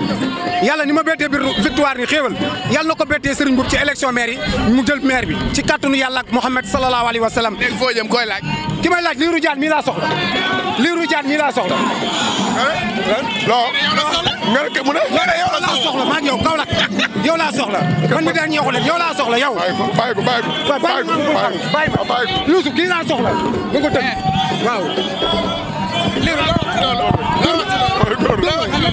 yàlla ni ma bettee biir victoire ni xéewal yàlla na ko bettee ci élection maire mu jël maire bi ci kàttanu yàlla ak Mouhamed sallallahu alayhi wa sallam. léegi koy laaj. ki may laaj Lirou Diane mii laa soxla Lirou Diane mii laa soxla. non nga ne mu ne. yow laa soxla maa yaw yow Kaolack yow laa soxla man mi daan ñeexu leen yow laa soxla yow. bàyyi ko bàyyi ko bàyyi ko bàyyi ko bàyyi ko bàyyi ko liiru loo wax ci loolu. loo wax ci loolu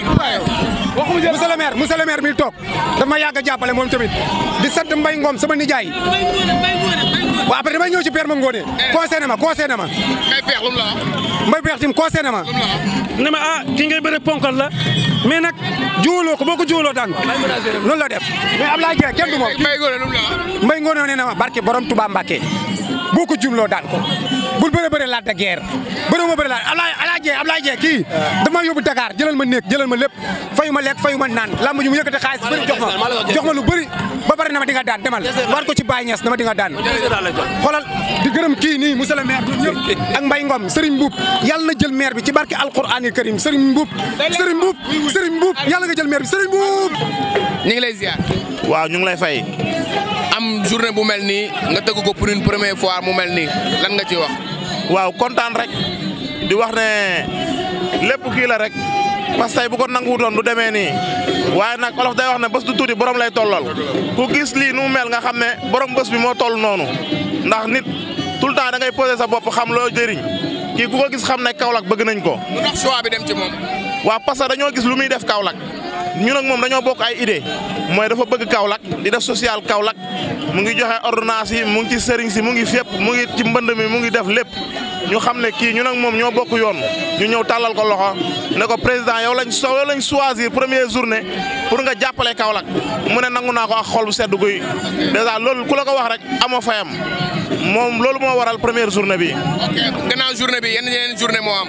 waxuma jël monsieur le maire monsieur le maire ma yàgg jàppale moom tamit di sant Mbaye Ngom sama nijaay. waaw après damay ñëw ci Père Mangone. conseillé ma conseillé ma. Mbaye Peex lu mu la wax. Mbaye Peex ma. ne ma ah ki ngay ponkal la mais nag juuloo ko boo ko juuloo daan loolu la def mais Ablaye Dieng kenn du moom. Mbaye Ngone nee na ma barke borom Touba Mbacké boo ko juuloo daan ko. bul bëre bëre Lac de Guiers bëre ma bëre Lac Ablaye Ablaye Dieng Ablaye Dieng kii dama yóbbu Dakar jëlal ma néeg jëlal ma lépp fayu ma lekk fayu ma naan lamb ji mu yëkkati xaalis bëri jox ma jox ma lu bëri ba bari na ma di nga daan demal war ko ci Baye Niass dama di daan xoolal di gërëm kii nii monsieur le maire ñun ñëpp ak Mbaye Ngom Serigne Mboup yàlla na jël maire bi ci barke alqouranil karim Serigne Mboup Serigne Mboup Serigne Mboup yàlla nga jël maire bi Serigne Mboup ñu ngi lay ziar waaw ñu ngi lay fay am journée bu mel nii nga tëgg ko pour une première fois mu mel nii lan nga ci wax waaw kontaan rek di wax ne lépp kii la rek parce que tey bu ko nanguwutoon du demee nii waaye nag olof day wax ne bés du tuuti borom lay tollal ku gis lii nu mel nga xam ne borom bés bi moo toll noonu ndax nit tout le temps da ngay posé sa bopp xam loo jëriñ kii ku ko gis xam ne Kaolack bëgg nañ ko. lu tax bi dem ci moom. waaw parce que dañoo gis lu muy def Kaolack. ñu ak moom dañoo bokk ay idée mooy dafa bëgg Kaolack di def social Kaolack mu ngi joxe ordonnance mu ngi ci sëriñ si mu ngi fépp mu ngi ci mbënd mi mu ngi def lépp ñu xam ne kii ñu ak moom ñoo bokk yoon ñu ñëw tàllal ko loxo ne ko président yow lañ soow yow lañ choisir premier journée pour nga jàppale Kaolack mu ne nangu naa ko ak xol bu sedd guy dèjà loolu ku la ko wax rek amoo fayam moom loolu moo waral première journée bi. ok gannaaw bi yenn yeneen moo am.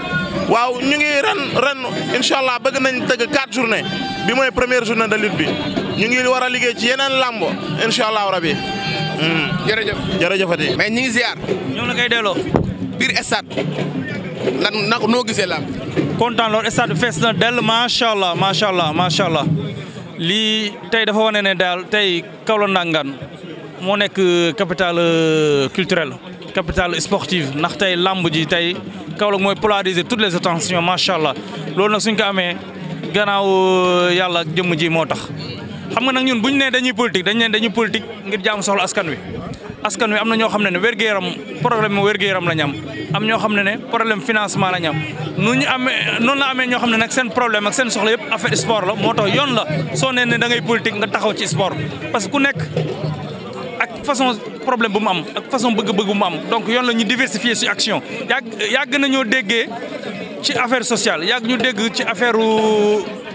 waaw ñu ngi ren ren incha allah bëgg nañ tëgg 4 journée. bi mooy première journée de lutte bi ñu ngi war a liggéey ci yeneen làmb incha allahu rabi. Hmm. jërëjëf jërëjëfati. mais ñu ngi ziar. ñoo la koy delloo. biir stade lan na noo gisee làmb. kontaan lool stade fees na dell macha allah macha allah macha allah lii tey dafa wane ne daal tey Kaolack Ndangaan moo nekk euh, capitale euh, culturelle capitale sportive ndax tey lamb ji tey Kaolack mooy polariser toutes les attentions macha allah loolu nag suñ ko amee. gannaaw euh, yàlla ak jëmm ji moo tax xam nga nag ñun bu ñu nee dañuy politique dañ ne dañuy politique ngir jaamu soxla askan wi askan wi am na ñoo xam ne ne wér-gu-yaram problème wér-gu-yaram la ñu ñoo xam ne ne problème financement la ñu am nu ñu amee noonu la amee ñoo xam ne nag seen problème ak seen soxla yëpp affaire sport la moo tax yoon la soo nee ne da ngay politique nga taxaw ci sport parce que ku nekk ak façon problème bu mu am ak façon bëgg-bëgg bu mu am donc yoon la ñu diversifier suñu action yàgg yàgg nañoo déggee ci affaire sociale yàgg ñu dégg ci affaire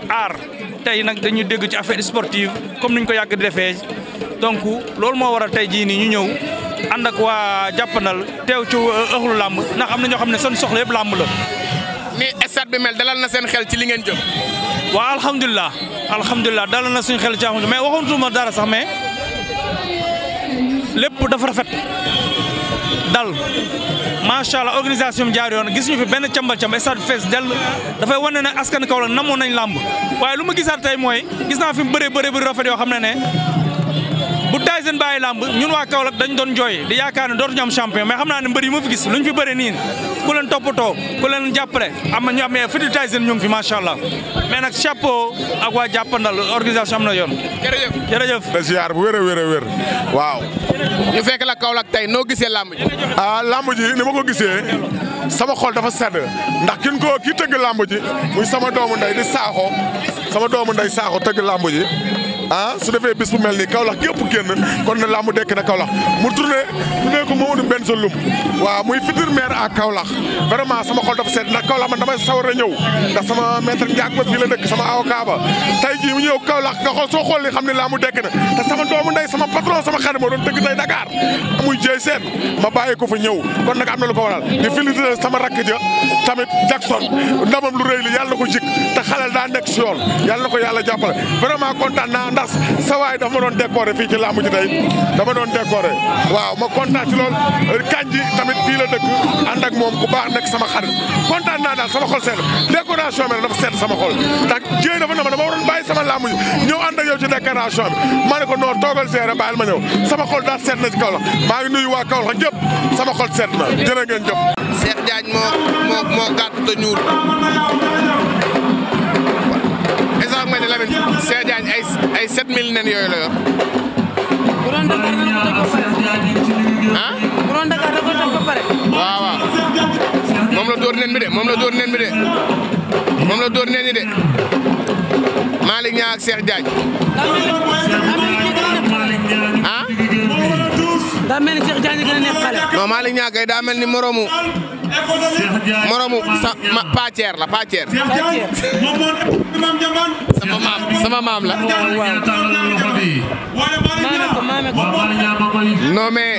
art tey nag dañu dégg ci affaire sportive comme ni ñu ko yàgg di defee donc loolu moo waral tey jii nii ñu ñëw ànd ak waa jàppandal teew ci euh, ëxlu làmb ndax am na ñoo xam ne son soxla yëpp làmb la. ni stade bi mel dalal na seen xel ci li ngeen jëm. waa alhamdulilah alhamdulilah dalal na suñu xel ci mais waxantuma dara sax mais lépp dafa rafet dal. macha allah organisation bi jaar gis ñu fi benn càmbal càmb stade fees dell dafay wane ne askan Kaolack namoon nañ làmb waaye lu ma gisaat tey mooy gis naa fi mu bëree bëri rafet yoo xam ne ne bu Tyson bàyyi làmb ñun waa Kaolack dañ doon jooy di yaakaar ne dootuñu am champion mais xam naa ne mbër yi ma fi gis luñ fi bëri nii ku leen toppatoo ku leen jàppale am na ñu am fi di Tyson ñu ngi fi macha allah mais nag chapeau ak waa jàppandal am na yoon. jërëjëf jërëjëf. ziar bu wér a wér a wér waaw. ñu fekk lak Kaolack tey noo gisee làmb ji. ah làmb ji ni ma ko gisee sama xol dafa sedd ndax kin ko kii tëgg làmb ji muy sama doomu ndey di saaxo sama doomu ndey saaxo tëgg làmb ji. ah su defee bis bu mel nii Kaolack gépp génn kon na laa mu dekk na Kaolack mu tourné tuddee ko Mamadou Benso Loum waaw muy futur maire à Kaolack vraiment sama xol dafa seet ndax Kaolack man damay sawar a ñëw ndax sama maître Ndiak ba fii la dëkk sama avocat ba tey jii mu ñëw Kaolack nga xool soo xool li xam ne laa mu dekk na te sama doomu ndey sama patron sama xarit moo doon dëkk tey Dakar muy jëy seen ma bàyyi ko fa ñëw kon nag am na lu ko waral di féliciter sama rakk ja tamit Jackson ndamam lu rëy li yàlla na ku jik te xalel daa nekk si yoon yàlla na ko yàlla jàppale vraiment kontaan naa ndax sa waay dafa ma doon décorer fii ci làmb ji tey dama doon décorer waaw ma kontaan ci lool kanji tamit fii la dëkk ànd ak moom ku baax nekk sama xarit kontaan naa daal sama xol seen décoration bi dafa seet sama xol ndax jëy dafa na ma dama waroon bàyyi sama ñëw ànd ak yow ci bi ma ne ko noo toogal seere bàyyil sama xol daal seet na Kaolack maa ngi nuyu waa Kaolack ñëpp sama xol seet na jërë ngeen jëf. Cheikh Diagne moo moo moo gàtt te ñuul exemple nga ne Lamine Cheikh Diagne ay ay 7000 nen yooyu la yor. ah. waaw waaw moom la dóor nen bi de moom la dóor nen bi de moom la dóor nen yi de Malick Niang ak Cheikh Diagne. daa mel ni Cheikh Diagne gën a nekk xale. non Malick Niang kay daa mel ni moromu moromu sa ma Pàcceer la Pàcceer. sama maam sama maam la. non mais.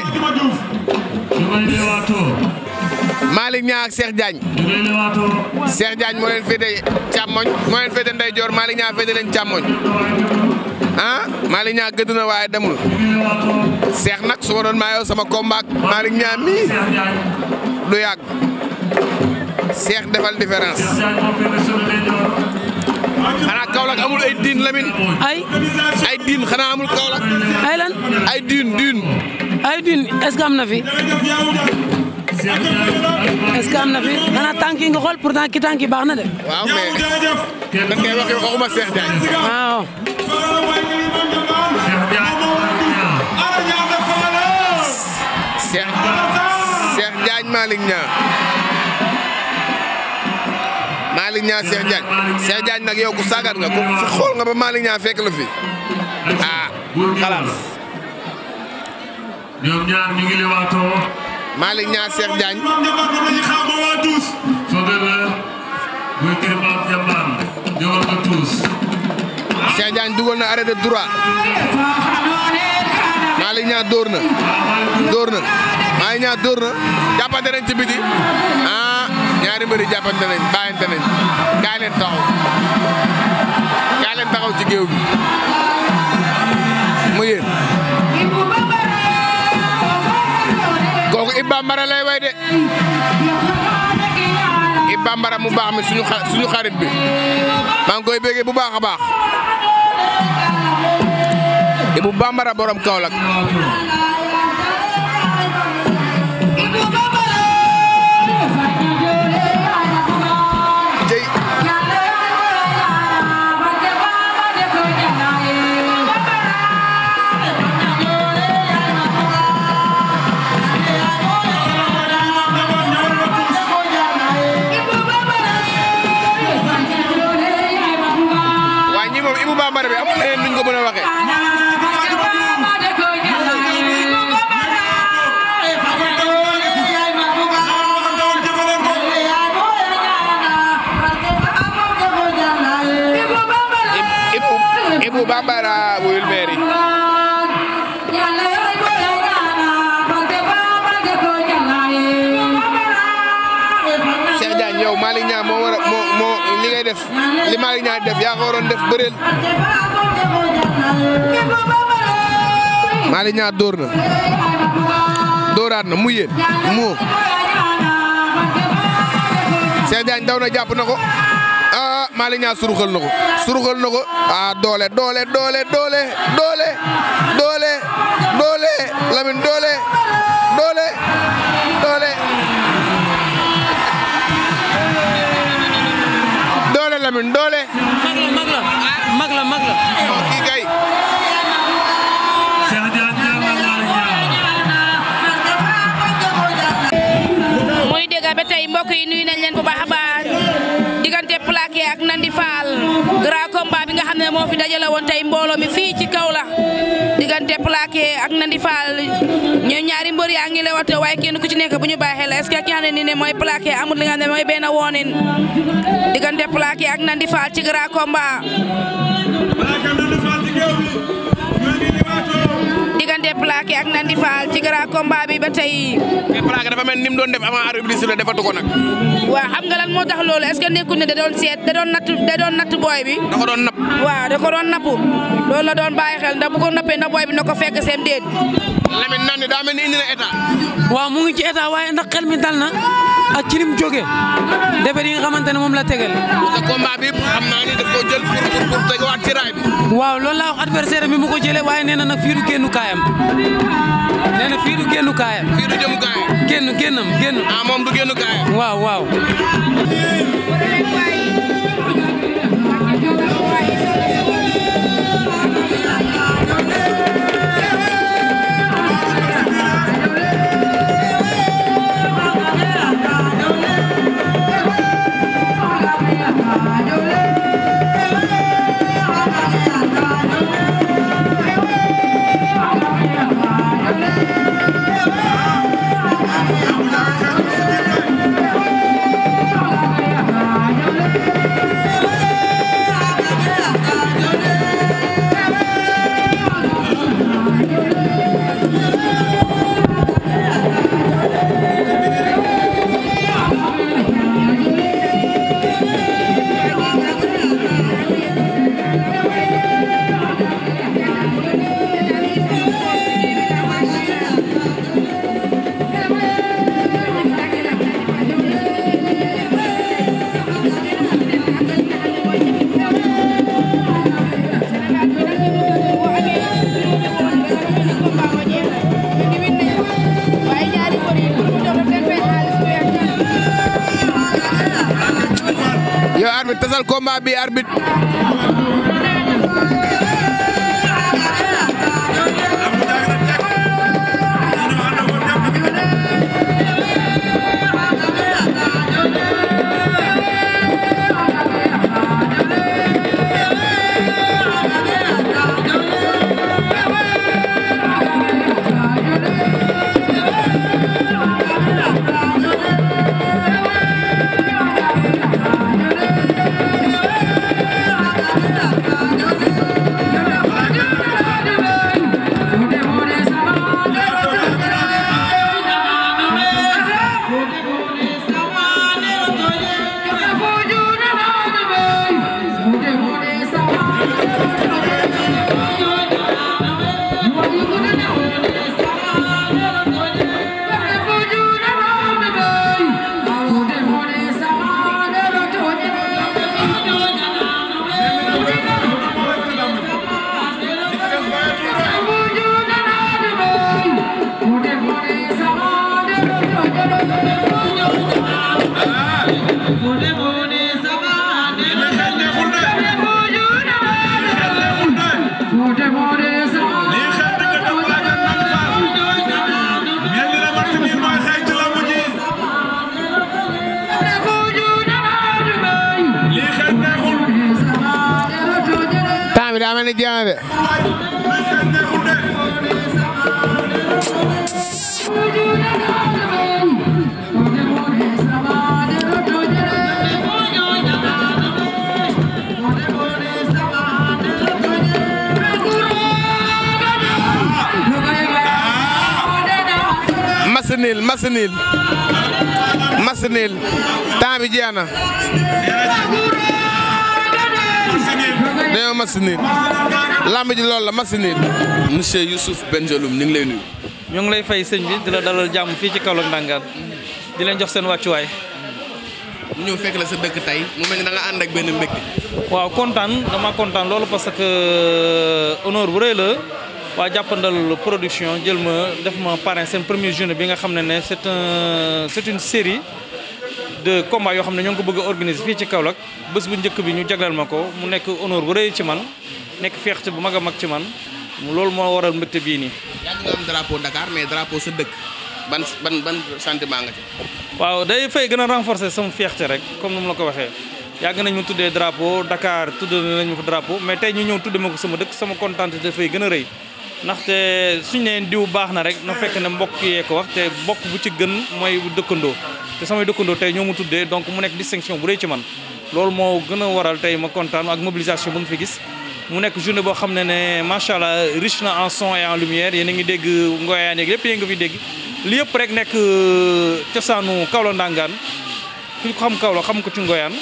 Malick Niang ak Cheikh ah Malick Niang gëdd waaye demul seex nag su ma sama combat Malick Niang mii du seex defal différence xanaa Kaolack amul ay diin Lamine ay ay diin xanaa amul Kaolack ay ay diin diin ay diin est-ce que am na fi est-ce que xanaa tànk yi nga xool pourtant ki tànk baax na de waaw mais da ngay wax waxuma Cheikh Diagne waaw Cheikh Diagne Malick Niang Malick Niang Cheikh Diagne nag yow ku sagar nga ku xool nga ba Malick Niang fekk la fi ah xalaas ñoom ñaar ñu ngi lewaatoo Malick Niang Cheikh Diagne so bebe muy kër maam jambaan ñëwal nga tuus se Diagne dugal na arrêt de droit Malick Niang dóor na dóor na Malick Niang nañ ci biti ah ñaari mbëri jàppante nañ bàyyante nañ kaay leen taxaw ci géew bi mu yéen kooku Iba Mara lay way de i bambara mu baax mi suñu suñu xarit bi maa ngi koy béggee bu baax a baax i bu bambara borom Kaolack Mungu baba na Wilmeri. Cheikh Diagne yow moo war def yaa ko def bëreel. Malick Niang dóor na dóoraat na daw na jàpp na ko. ah Malick Niang suruxal na ko suruxal na ko ah doole doole doole doole doole doole doole Lamine doole doole doole doole Lamine doole mag la mag la mag la kii kay muy dégg ba tey mbokk yi nuyu nañ leen moo fi dajale woon tey mbooloo mi fii ci kaw la diggante plaqué ak Nandi Fall ñu ñaari mbër yaa ngi lewate waaye kenn ku ci nekk bu ñu bàyyi xel est-ce ki nga xam ne nii ne mooy plaqué amul li nga xam ne mooy benn woonin diggante plaqué ak Nandi Fall ci garaakomba déplaqué ak Nandi Fall ci grand combat bi ba tey. déplaqué dafa mel ni mu doon def avant arbitre bi sifflé defatu ko nag. waaw xam nga moo tax loolu est ce que nekkul ne da doon seet da doon natt booy bi. da ko doon napp. waaw da ko doon napp loolu la doon bàyyi xel ndax ko nappee na booy bi na ko fekk seen déet. Lamine Nandi daa mel ni indi na état. waaw mu ngi ci waaye ndax xel mi dal na. ak ci lim jóge defet yi nga xamante ne moom la tegal. parce xam naa ni daf koo bi. waaw loolu laa wax adversaire bi mu ko waaye nee na na fii du génnu kaayam. fii du jëm kaayam. génn génnam génn. Ah, moom du génnu kaayam. waaw waaw. combat bi arbitre masinil masinil masinil bi jeex na dañoo masinil lamb ji loolu la masinil monsieur Youssouf Benjeloum ñu ngi lay nuyu ñu ngi lay fay sëñ bi di la dalal jàmm fii ci Kaolack Ndangaan di leen jox seen wàccuwaay ñu ñëw fekk la sa dëkk tey mu mel ni da nga ànd ak benn mbégte waaw kontaan dama kontaan loolu parce que euh, honneur bu rëy la waa jàppandal production jël ma def ma parrain seen première journée bi nga xam ne ne c'est un une série de combat yoo xam ne ñoo ngi ko bëgg a organiser fii ci Kaolack bés bu njëkk bi ñu jagleel ma ko mu nekk honneur bu rëy ci man nekk fierté bu mag a mag ci man loolu moo waral mbégte bii nii. yaa ngi mais drapeau sa dëkk ban ban ban sentiment nga ci. waaw day fay gën a renforcer sama fierté rek comme nu mu la ko waxee yàgg nañ mu tuddee drapeau Dakar tudd nañ ma fa drapeau mais tey ñu ñëw tuddee ma ko sama dëkk sama kontaan dafay gën a rëy. ndaxte suñ neen diw baax na rek na fekk ne mbokk yee ko wax te mbokk bu ci gën mooy dëkkandoo te samay dëkkandoo tey ñoo mu tuddee donc mu nekk distinction bu rëy ci man loolu moo gën a waral tey ma kontaan ak mobilisation bu mu fi gis mu nekk journée boo xam ne ne macha allah riche na en son et en lumière yéen a ngi dégg ngoyaan yeeg lépp nga fi dégg li yëpp rek nekk euh, cosaanu Kaolack ndàngaan ku xam Kaolack xam ko ci ngoyaan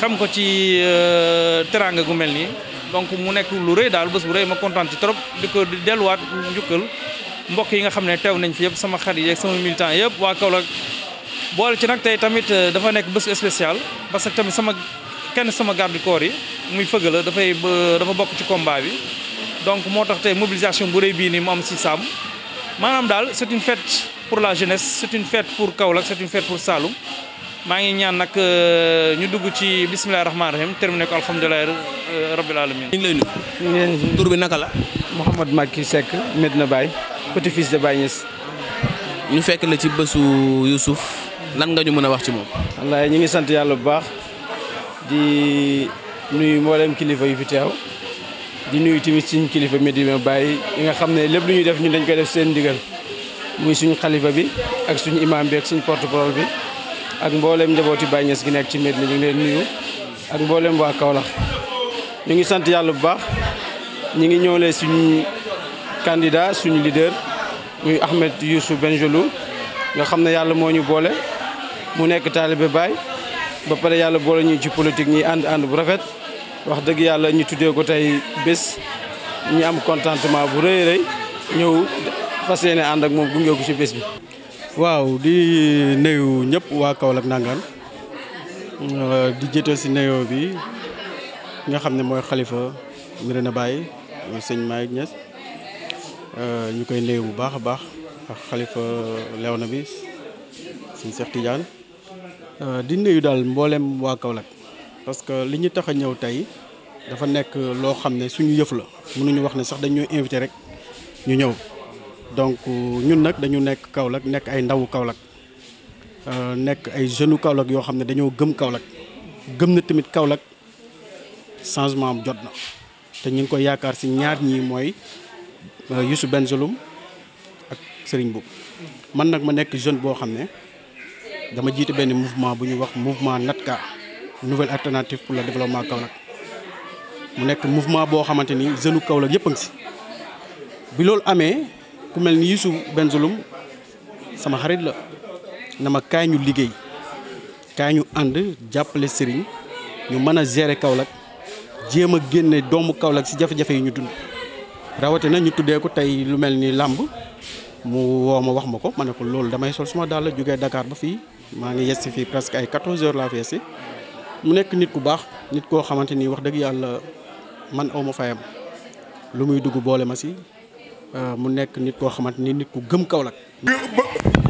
xam ko ci euh, teranga gu mel nii donc mu nekk lu rëy daal bés bu rëy ma kontaan ci trop di ko delluwaat njukkal mbokk yi nga xam ne teew nañ fi yëpp sama xarit yeeg sama militant yëpp waa Kaolack boole ci nag tey tamit euh, dafa nekk bés spécial parce que tamit sama kenn sama garde yi muy fëgg la dafay dafa bokk ci combat bi donc moo tax tey mobilisation bu rëy bii nii mu am si Sam maanaam daal c'est une fête pour la jeunesse c'est une fête pour Kaolack c'est une fête pour Saloum maa ngi ñaan nag euh, ñu dugg ci bisimilah rahmaani rahim terminé ko alhamdulilah euh, rabbil alamin. ñu ngi bi naka la. Mouhamad Macky Seck Medina Baye petit fils de Baye Niass. ñu fekk la ci bésu Youssouf lan nga ñu mën a wax ci moom. wallaay ñu ngi sant yàlla bu baax di nuyu leen kilifa yu fi teew di nuyu tamit suñ kilifa Medina Baye yi nga xam ne lépp lu ñuy def ñun dañ koy def seen ndigal muy suñu xalifa bi ak suñu imam bi ak suñu porte-parole bi. ak mboolem njabooti Baye Niass gi nekk ci Medina ñu ngi leen nuyu ak mboolem waa Kaolack ñu ngi sant yàlla bu baax ñu ngi ñëwlee suñu candidat suñu leader muy Ahmed benn Bengelou ñoo xam ne yàlla moo ñu boole mu nekk taalibe Baye ba pare yàlla boole ñu ci politique ñi ànd ànd bu rafet wax dëgg yàlla ñu tuddee ko tey bés ñu am contentement bu rëy rëy ñëw fas yéene ànd ak moom gunge ko ci bés bi. waaw di nuyu ñëpp waa Kaolack nangaan euh, di jëte ci nuyoo bi nga xam ne mooy xalifa Médina Baye sëñ Maye Niass euh, ñu koy nuyu bu baax a baax ak xalifa Léona bi sëñ Cheikh Tidiane euh, di nuyu daal mboolem waa Kaolack parce que li ñu tax a ñëw tey dafa nekk loo xam ne suñu yëf la mënuñu wax ne sax dañoo invité rek ñu ñëw donc ñun nag dañu nekk Kaolack nekk ay ndawu Kaolack euh, nekk ay jeunes Kaolack yoo xam ne dañoo gëm Kaolack gëm na tamit Kaolack changement am jot na te ñu ngi koy yaakaar si ñaar ñii mooy euh, Youssou Bengelloune ak Serigne Mboup man nag ma nekk jeune boo xam ne dama jiite benn mouvement bu ñuy wax mouvement NATCA nouvelle alternative pour le développement Kaolack mu nekk mouvement boo xamante ni jeune Kaolack yëpp a ngi si bi loolu amee ku mel ni Youssou Benzouloum sama xarit la na ma kaay ñu liggéey kaay ñu ànd jàppale sëriñ ñu mën a gere Kaolack jéem a génne doomu Kaolack si jafe-jafe yi ñu dund rawatina ñu tuddee ko tey lu mel ni làmb mu woo ma wax ma ko ma ne ko loolu damay sol suma daal la jógee dakaar ba fii maa ngi yes fii presque ay 14 heures laa fi yegsi mu nekk nit ku baax nit koo xamante ni wax dëgg yàlla man aw ma fayam lu muy dugg boole ma si Euh, mu nekk nit koo xamante ni nit ku gëm Kaolack.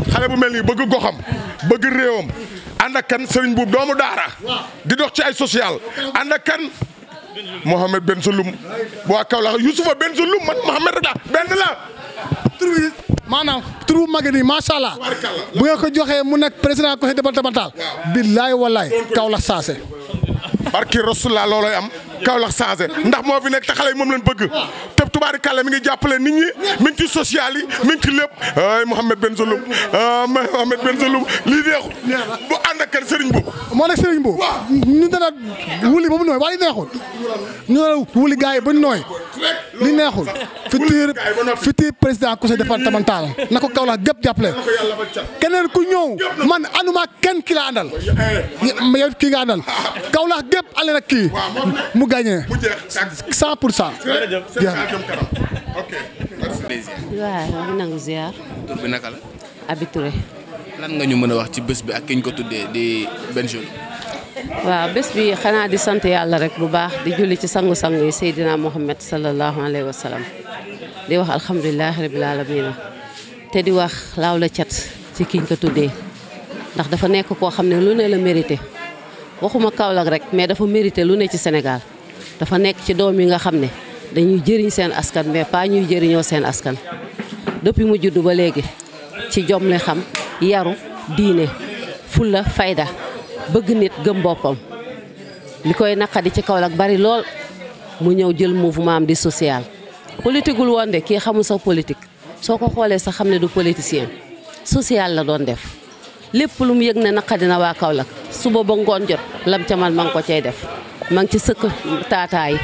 xale bu mel nii bëgg goxam bëgg réewam ànd ak kan Serigne doomu daara di dox ci ay social ànd ak kan Mohamed Ben Saloum waa Kaolack Youssoufa Ben Saloum man Mohamed Rada benn la. tur maanaam turu mag nii macha allah bu nga ko joxee mu nekk président conseil départemental. billaay wallaay Kaolack saase. barki Rasulullah loolay am Kaolack saase ndax moo fi nekk te xale yi moom lañ bëgg. tubaarikàlla mi ngi jàppale nit ñi mi ngi ci social mi ngi ci lépp ay Mouhamed Bengelloune ah Mouhamed Bengelloune lii neexul. bu ànd ak kan Serigne Mbow. moo nekk Serigne Mbow. waaw ñu dana wuli ba mu nooy waaye neexul. ñu dana wuli gars yi ba ñu nooy. li neexul. futur futur président conseil départemental na ko Kaolack gépp jàppale. keneen ku ñëw man anuma kenn ki la àndal. Eh. yow kii nga àndal ah, ah. Kaolack gépp ànd ak kii mu gagné. 100 pour cent. kanam nga ñu mën a wax ci bés bi ak ki ko tuddee bés bi xanaa di sant yàlla rek bu baax di julli ci sangu-sangu yi Seydina Mohamed sallallahu alayhi wa di wax alhamdulilah rabil aalamiina te di wax laaw la cat ci ki ñu ko tuddee ndax dafa nekk koo xam ne lu ne la mérité waxuma Kaolack rek mais dafa mérité lu ne ci senegaal dafa nekk ci doom yi nga xam ne. dañuy jëriñ seen askan mais pas ñuy jëriñoo seen askan depuis mu judd ba léegi ci jom xam yaru diine fulla fayda bëgg nit gëm boppam li koy naqadi ci Kaolack bari lool mu ñëw jël mouvement am di social politigul woon de kii xamul sax politique soo ko xoolee sax xam ne du politicien social la doon def lépp lu mu yëg ne naqadi na waa Kaolack suba ba ngoon jot lam ca man ma ngi ko cay def ma ngi ci sëkk taataay